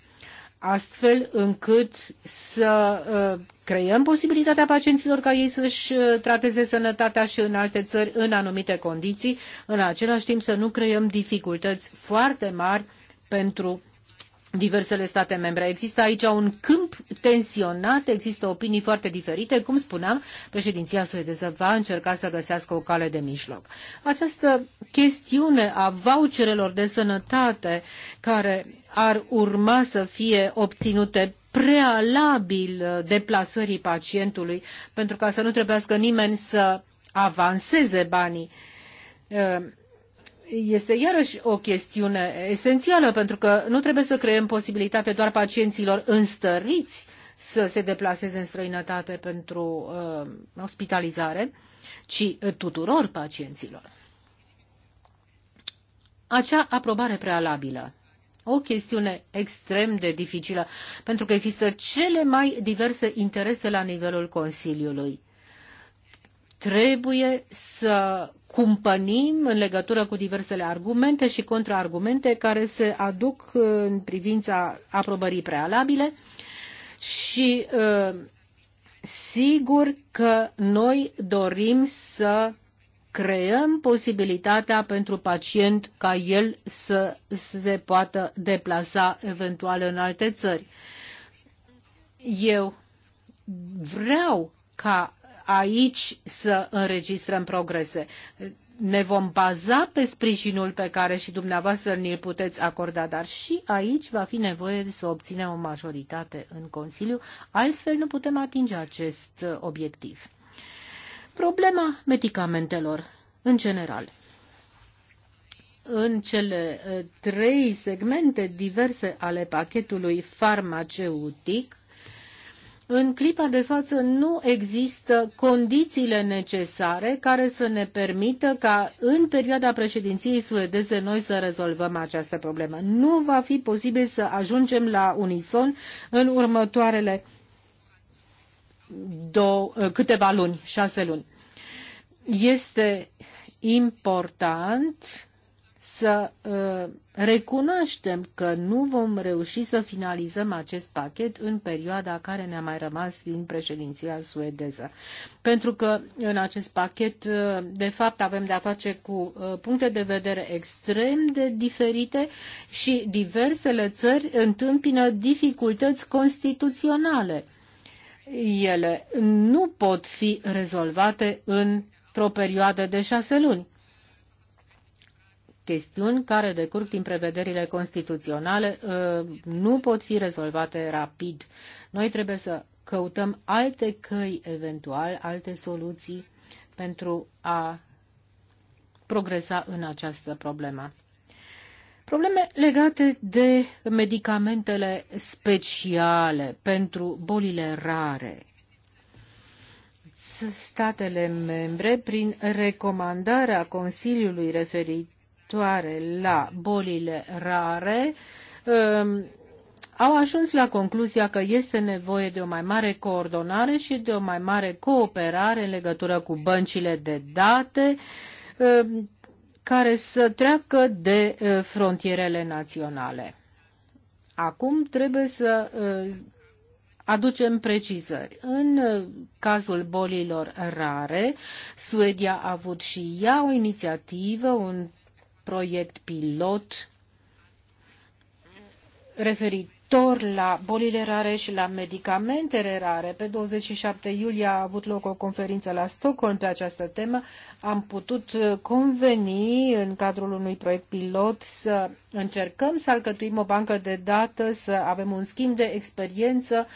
astfel încât să uh, creăm posibilitatea pacienților ca ei să-și uh, trateze sănătatea și în alte țări în anumite condiții, în același timp să nu creăm dificultăți foarte mari pentru diversele state membre. Există aici un câmp tensionat, există opinii foarte diferite. Cum spuneam, președinția suedeză va încerca să găsească o cale de mijloc. Această chestiune a voucherelor de sănătate care ar urma să fie obținute prealabil uh, deplasării pacientului, pentru ca să nu trebuiască nimeni să avanseze banii. Uh, este iarăși o chestiune esențială, pentru că nu trebuie să creăm posibilitate doar pacienților înstăriți să se deplaseze în străinătate pentru uh, ospitalizare, ci tuturor pacienților. Acea aprobare prealabilă o chestiune extrem de dificilă, pentru că există cele mai diverse interese la nivelul Consiliului. Trebuie să cumpănim în legătură cu diversele argumente și contraargumente care se aduc uh, în privința aprobării prealabile și uh, sigur că noi dorim să creăm posibilitatea pentru pacient ca el să se poată deplasa eventual în alte țări. Eu vreau ca aici să înregistrăm progrese. Ne vom baza pe sprijinul pe care și dumneavoastră ni-l puteți acorda, dar și aici va fi nevoie să obținem o majoritate în Consiliu, altfel nu putem atinge acest uh, obiectiv. Problema medicamentelor, în general. În cele eh, trei segmente diverse ale pachetului farmaceutic, în clipa de față nu există condițiile necesare care să ne permită ca în perioada președinției suedeze noi să rezolvăm această problemă. Nu va fi posibil să ajungem la unison în următoarele două, ă, câteva luni, șase luni. Este important să ă, recunoaștem că nu vom reuși să finalizăm acest pachet în perioada care ne-a mai rămas din președinția suedeză. Pentru că în acest pachet, ă, de fapt, avem de-a face cu puncte de vedere extrem de diferite și diversele țări întâmpină dificultăți constituționale ele nu pot fi rezolvate într-o perioadă de șase luni. Chestiuni care decurg din prevederile constituționale uh, nu pot fi rezolvate rapid. Noi trebuie să căutăm alte căi, eventual, alte soluții pentru a progresa în această problemă. Probleme legate de medicamentele speciale pentru bolile rare. Statele membre, prin recomandarea Consiliului referitoare la bolile rare, um, au ajuns la concluzia că este nevoie de o mai mare coordonare și de o mai mare cooperare în legătură cu băncile de date um, care să treacă de frontierele naționale. Acum trebuie să aducem precizări. În cazul bolilor rare, Suedia a avut și ea o inițiativă, un proiect pilot referit referitor la bolile rare și la medicamentele rare. Pe 27 iulie a avut loc o conferință la Stockholm pe această temă. Am putut uh, conveni în cadrul unui proiect pilot să încercăm să alcătuim o bancă de dată, să avem un schimb de experiență uh,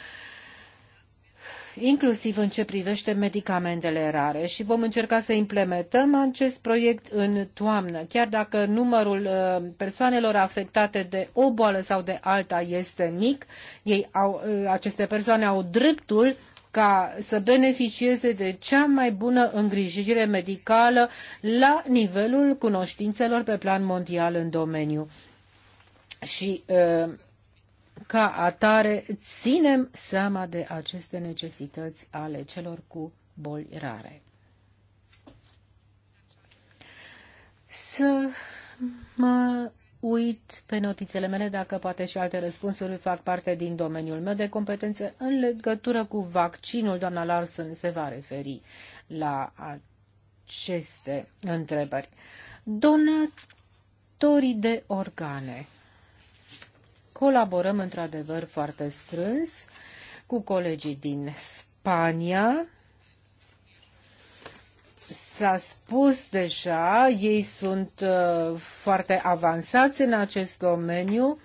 inclusiv în ce privește medicamentele rare și vom încerca să implementăm acest proiect în toamnă, chiar dacă numărul uh, persoanelor afectate de o boală sau de alta este mic, ei au, uh, aceste persoane au dreptul ca să beneficieze de cea mai bună îngrijire medicală la nivelul cunoștințelor pe plan mondial în domeniu. Și uh, ca atare ținem seama de aceste necesități ale celor cu boli rare. Să mă uit pe notițele mele dacă poate și alte răspunsuri fac parte din domeniul meu de competențe în legătură cu vaccinul. Doamna Larsen se va referi la aceste întrebări. Donatorii de organe. Colaborăm într-adevăr foarte strâns cu colegii din Spania. S-a spus deja, ei sunt uh, foarte avansați în acest domeniu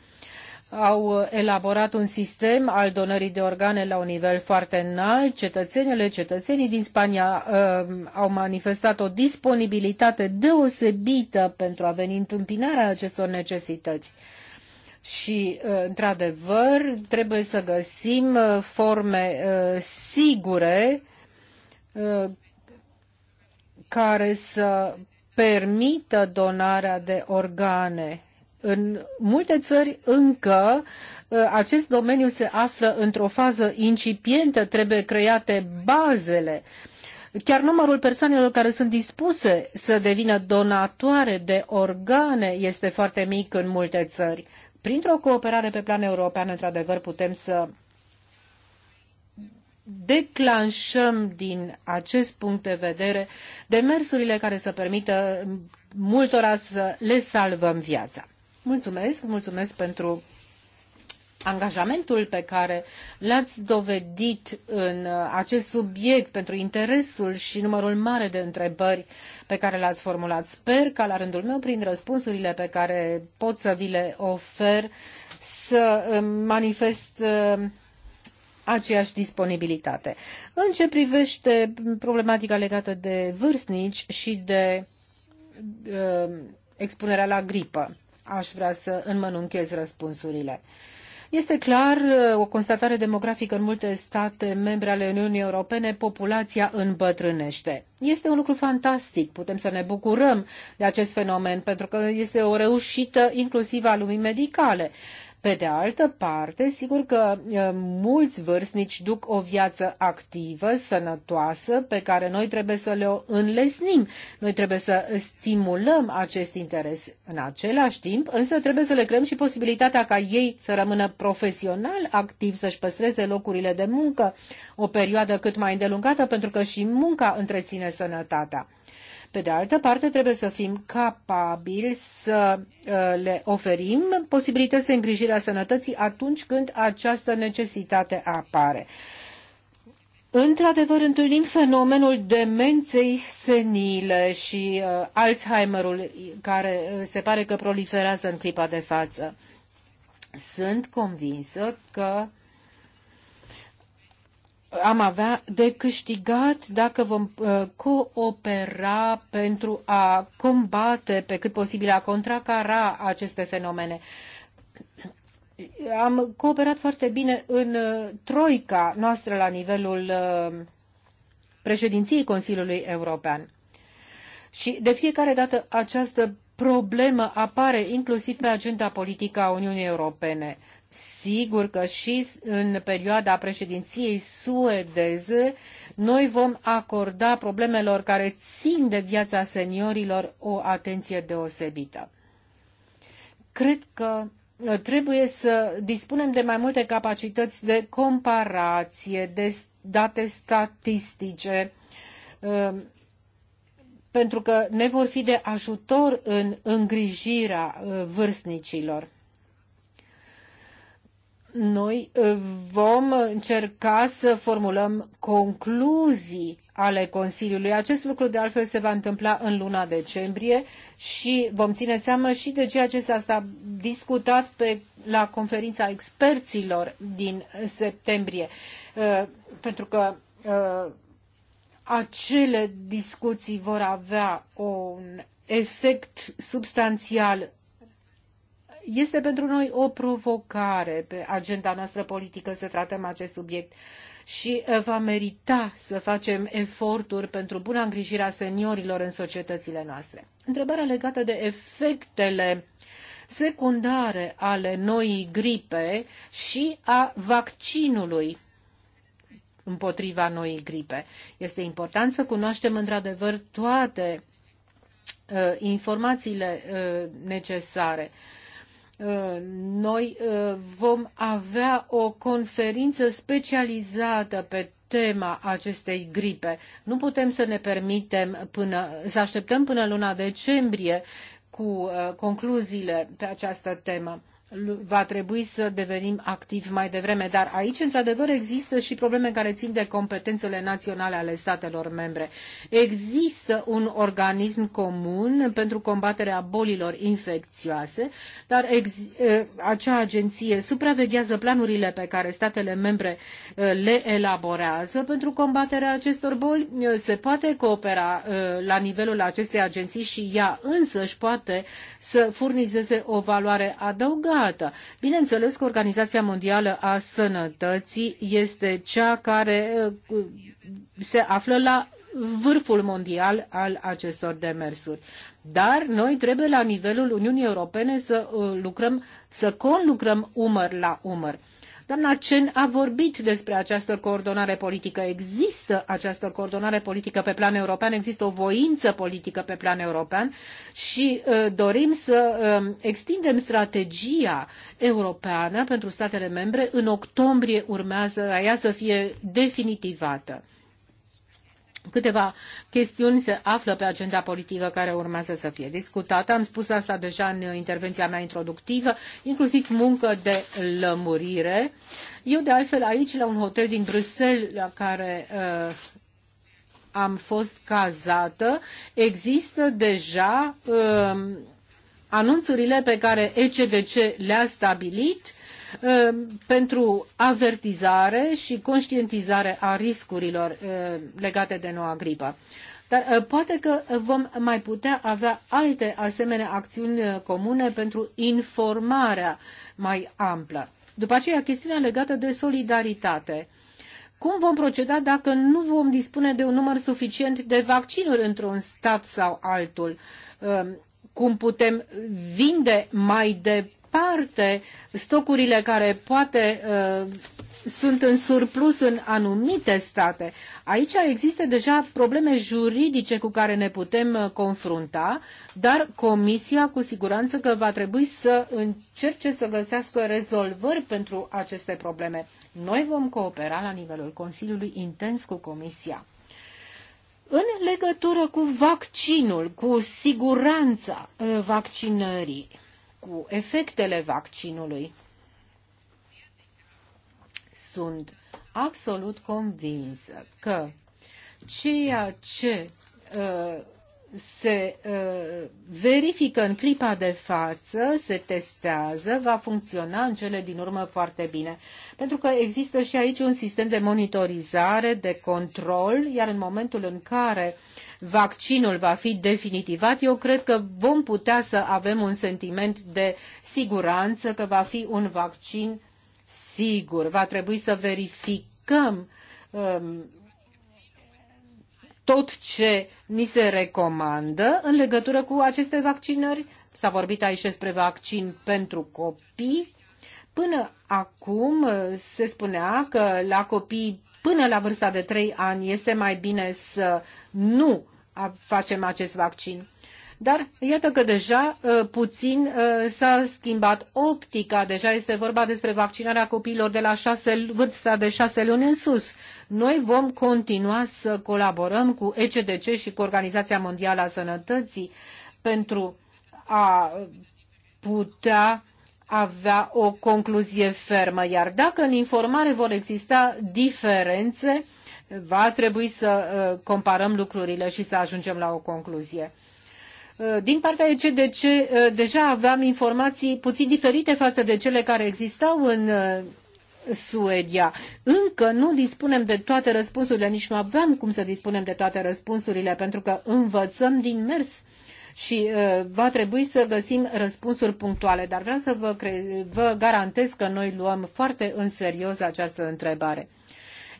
au elaborat un sistem al donării de organe la un nivel foarte înalt. Cetățenile, cetățenii din Spania uh, au manifestat o disponibilitate deosebită pentru a veni întâmpinarea acestor necesități. Uh, și, uh, într-adevăr, trebuie să găsim uh, forme uh, sigure care să permită donarea de organe. În multe țări încă acest domeniu se află într-o fază incipientă, trebuie create bazele. Chiar numărul persoanelor care sunt dispuse să devină donatoare de organe este foarte mic în multe țări printr-o cooperare pe plan european, într-adevăr, putem să declanșăm din acest punct de vedere demersurile care să permită multora să le salvăm viața. Mulțumesc, mulțumesc pentru angajamentul pe care l-ați dovedit în uh, acest subiect pentru interesul și numărul mare de întrebări pe care le-ați formulat. Sper ca la rândul meu, prin răspunsurile pe care pot să vi le ofer, să uh, manifest uh, aceeași disponibilitate. În ce privește problematica legată de vârstnici și de expunerea la gripă, aș vrea să înmănunchez răspunsurile. Uh, este clar uh, o constatare demografică în multe state membre ale Uniunii Europene, populația îmbătrânește. Este un lucru fantastic, putem să ne bucurăm de acest fenomen, pentru că este o reușită inclusiv a lumii medicale. Pe de altă parte, sigur că mulți vârstnici duc o viață activă, sănătoasă, pe care noi trebuie să le o înlesnim. Noi trebuie să stimulăm acest interes în același timp, însă trebuie să le creăm și posibilitatea ca ei să rămână profesional activ, să-și păstreze locurile de muncă o perioadă cât mai îndelungată, pentru că și munca întreține sănătatea. Pe de altă parte, trebuie să fim capabili să uh, le oferim posibilități de îngrijire a sănătății atunci când această necesitate apare. Într-adevăr, întâlnim fenomenul demenței senile și uh, Alzheimerul care uh, se pare că proliferează în clipa de față. Sunt convinsă că am avea de câștigat dacă vom uh, coopera pentru a combate pe cât posibil, a contracara aceste fenomene. Am cooperat foarte bine în uh, troica noastră la nivelul uh, președinției Consiliului European. Și de fiecare dată această problemă apare inclusiv pe agenda politică a Uniunii Europene. Sigur că și în perioada președinției suedeze noi vom acorda problemelor care țin de viața seniorilor o atenție deosebită. Cred că uh, trebuie să dispunem de mai multe capacități de comparație, de date statistice, uh, pentru că ne vor fi de ajutor în îngrijirea uh, vârstnicilor noi uh, vom încerca să formulăm concluzii ale Consiliului. Acest lucru de altfel se va întâmpla în luna decembrie și vom ține seama și de ceea ce s-a discutat pe, la conferința experților din septembrie. Uh, pentru că uh, acele discuții vor avea un efect substanțial este pentru noi o provocare pe agenda noastră politică să tratăm acest subiect și uh, va merita să facem eforturi pentru buna îngrijire a seniorilor în societățile noastre. Întrebarea legată de efectele secundare ale noii gripe și a vaccinului împotriva noii gripe. Este important să cunoaștem într-adevăr toate uh, informațiile uh, necesare. Uh, noi uh, vom avea o conferință specializată pe tema acestei gripe. Nu putem să ne permitem până, să așteptăm până luna decembrie cu uh, concluziile pe această temă va trebui să devenim activi mai devreme. Dar aici, într-adevăr, există și probleme care țin de competențele naționale ale statelor membre. Există un organism comun pentru combaterea bolilor infecțioase, dar acea agenție supraveghează planurile pe care statele membre le elaborează pentru combaterea acestor boli. Se poate coopera la nivelul acestei agenții și ea însăși poate să furnizeze o valoare adăugată privată. Bineînțeles că Organizația Mondială a Sănătății este cea care uh, se află la vârful mondial al acestor demersuri. Dar noi trebuie la nivelul Uniunii Europene să uh, lucrăm, să conlucrăm umăr la umăr. Doamna Chen a vorbit despre această coordonare politică. Există această coordonare politică pe plan european, există o voință politică pe plan european și uh, dorim să uh, extindem strategia europeană pentru statele membre. În octombrie urmează ea să fie definitivată. Câteva chestiuni se află pe agenda politică care urmează să fie discutată. Am spus asta deja în intervenția mea introductivă, inclusiv muncă de lămurire. Eu, de altfel, aici, la un hotel din Bruxelles, la care uh, am fost cazată, există deja uh, anunțurile pe care ECDC le-a stabilit Ehm, pentru avertizare și conștientizare a riscurilor ehm, legate de noua gripă. Dar ehm, poate că vom mai putea avea alte asemenea acțiuni comune pentru informarea mai amplă. După aceea, chestiunea legată de solidaritate. Cum vom proceda dacă nu vom dispune de un număr suficient de vaccinuri într-un stat sau altul? Cum putem vinde mai departe? parte stocurile care poate uh, sunt în surplus în anumite state. Aici există deja probleme juridice cu care ne putem uh, confrunta, dar Comisia cu siguranță că va trebui să încerce să găsească rezolvări pentru aceste probleme. Noi vom coopera la nivelul Consiliului intens cu Comisia. În legătură cu vaccinul, cu siguranța uh, vaccinării, cu efectele vaccinului. Sunt absolut convinsă că ceea ce uh, se uh, verifică în clipa de față, se testează, va funcționa în cele din urmă foarte bine. Pentru că există și aici un sistem de monitorizare, de control, iar în momentul în care uh, vaccinul va fi definitivat, eu cred că vom putea să avem un sentiment de siguranță că va fi un vaccin sigur. Va trebui să verificăm um, tot ce ni se recomandă în legătură cu aceste vaccinări. S-a vorbit aici despre vaccin pentru copii. Până acum uh, se spunea că la copii până la vârsta de 3 ani este mai bine să nu facem acest vaccin. Dar iată că deja ă, puțin ă, s-a schimbat optica, deja este vorba despre vaccinarea copiilor de la șase, vârsta de șase luni în sus. Noi vom continua să colaborăm cu ECDC și cu Organizația Mondială a Sănătății pentru a putea avea o concluzie fermă. Iar dacă în informare vor exista diferențe, va trebui să uh, comparăm lucrurile și să ajungem la o concluzie. Uh, din partea ECDC uh, deja aveam informații puțin diferite față de cele care existau în Suedia. Încă nu dispunem de toate răspunsurile, nici nu aveam cum să dispunem de toate răspunsurile, pentru că învățăm din mers și uh, va trebui să găsim răspunsuri punctuale. Dar vreau să vă, vă garantez că noi luăm foarte în serios această întrebare.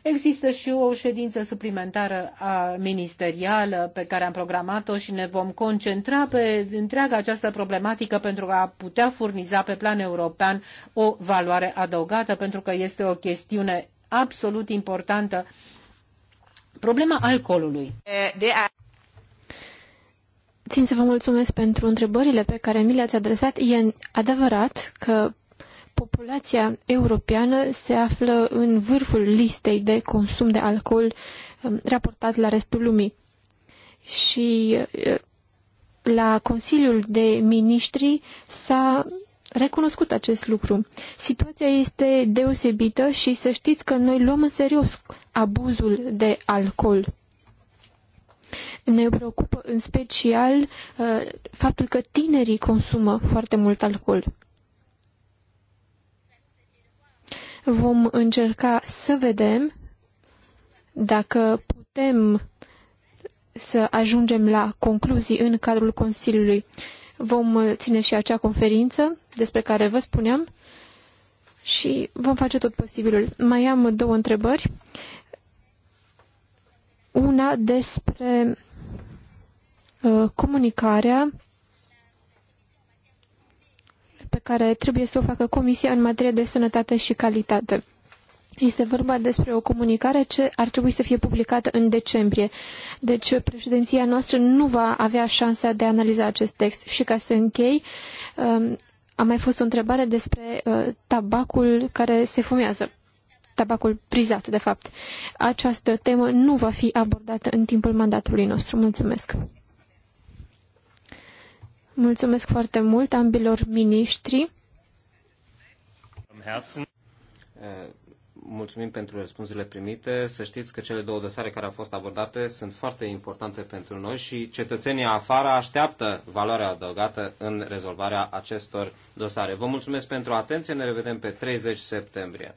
Există și o ședință suplimentară a ministerială pe care am programat-o și ne vom concentra pe întreaga această problematică pentru a putea furniza pe plan european o valoare adăugată, pentru că este o chestiune absolut importantă. Problema alcoolului. Țin să vă mulțumesc pentru întrebările pe care mi le-ați adresat. E adevărat că populația europeană se află în vârful listei de consum de alcool um, raportat la restul lumii. Și uh, la Consiliul de Ministri s-a recunoscut acest lucru. Situația este deosebită și să știți că noi luăm în serios abuzul de alcool. Ne preocupă în special uh, faptul că tinerii consumă foarte mult alcool. Vom încerca să vedem dacă putem să ajungem la concluzii în cadrul Consiliului. Vom ține și acea conferință despre care vă spuneam și vom face tot posibilul. Mai am două întrebări. Una despre uh, comunicarea care trebuie să o facă Comisia în materie de sănătate și calitate. Este vorba despre o comunicare ce ar trebui să fie publicată în decembrie. Deci președinția noastră nu va avea șansa de a analiza acest text. Și ca să închei, um, a mai fost o întrebare despre uh, tabacul care se fumează. Tabacul prizat, de fapt. Această temă nu va fi abordată în timpul mandatului nostru. Mulțumesc! Mulțumesc foarte mult ambilor miniștri. Eh, mulțumim pentru răspunsurile primite. Să știți că cele două dosare care au fost abordate sunt foarte importante pentru noi și cetățenii afară așteaptă valoarea adăugată în rezolvarea acestor dosare. Vă mulțumesc pentru atenție. Ne revedem pe 30 septembrie.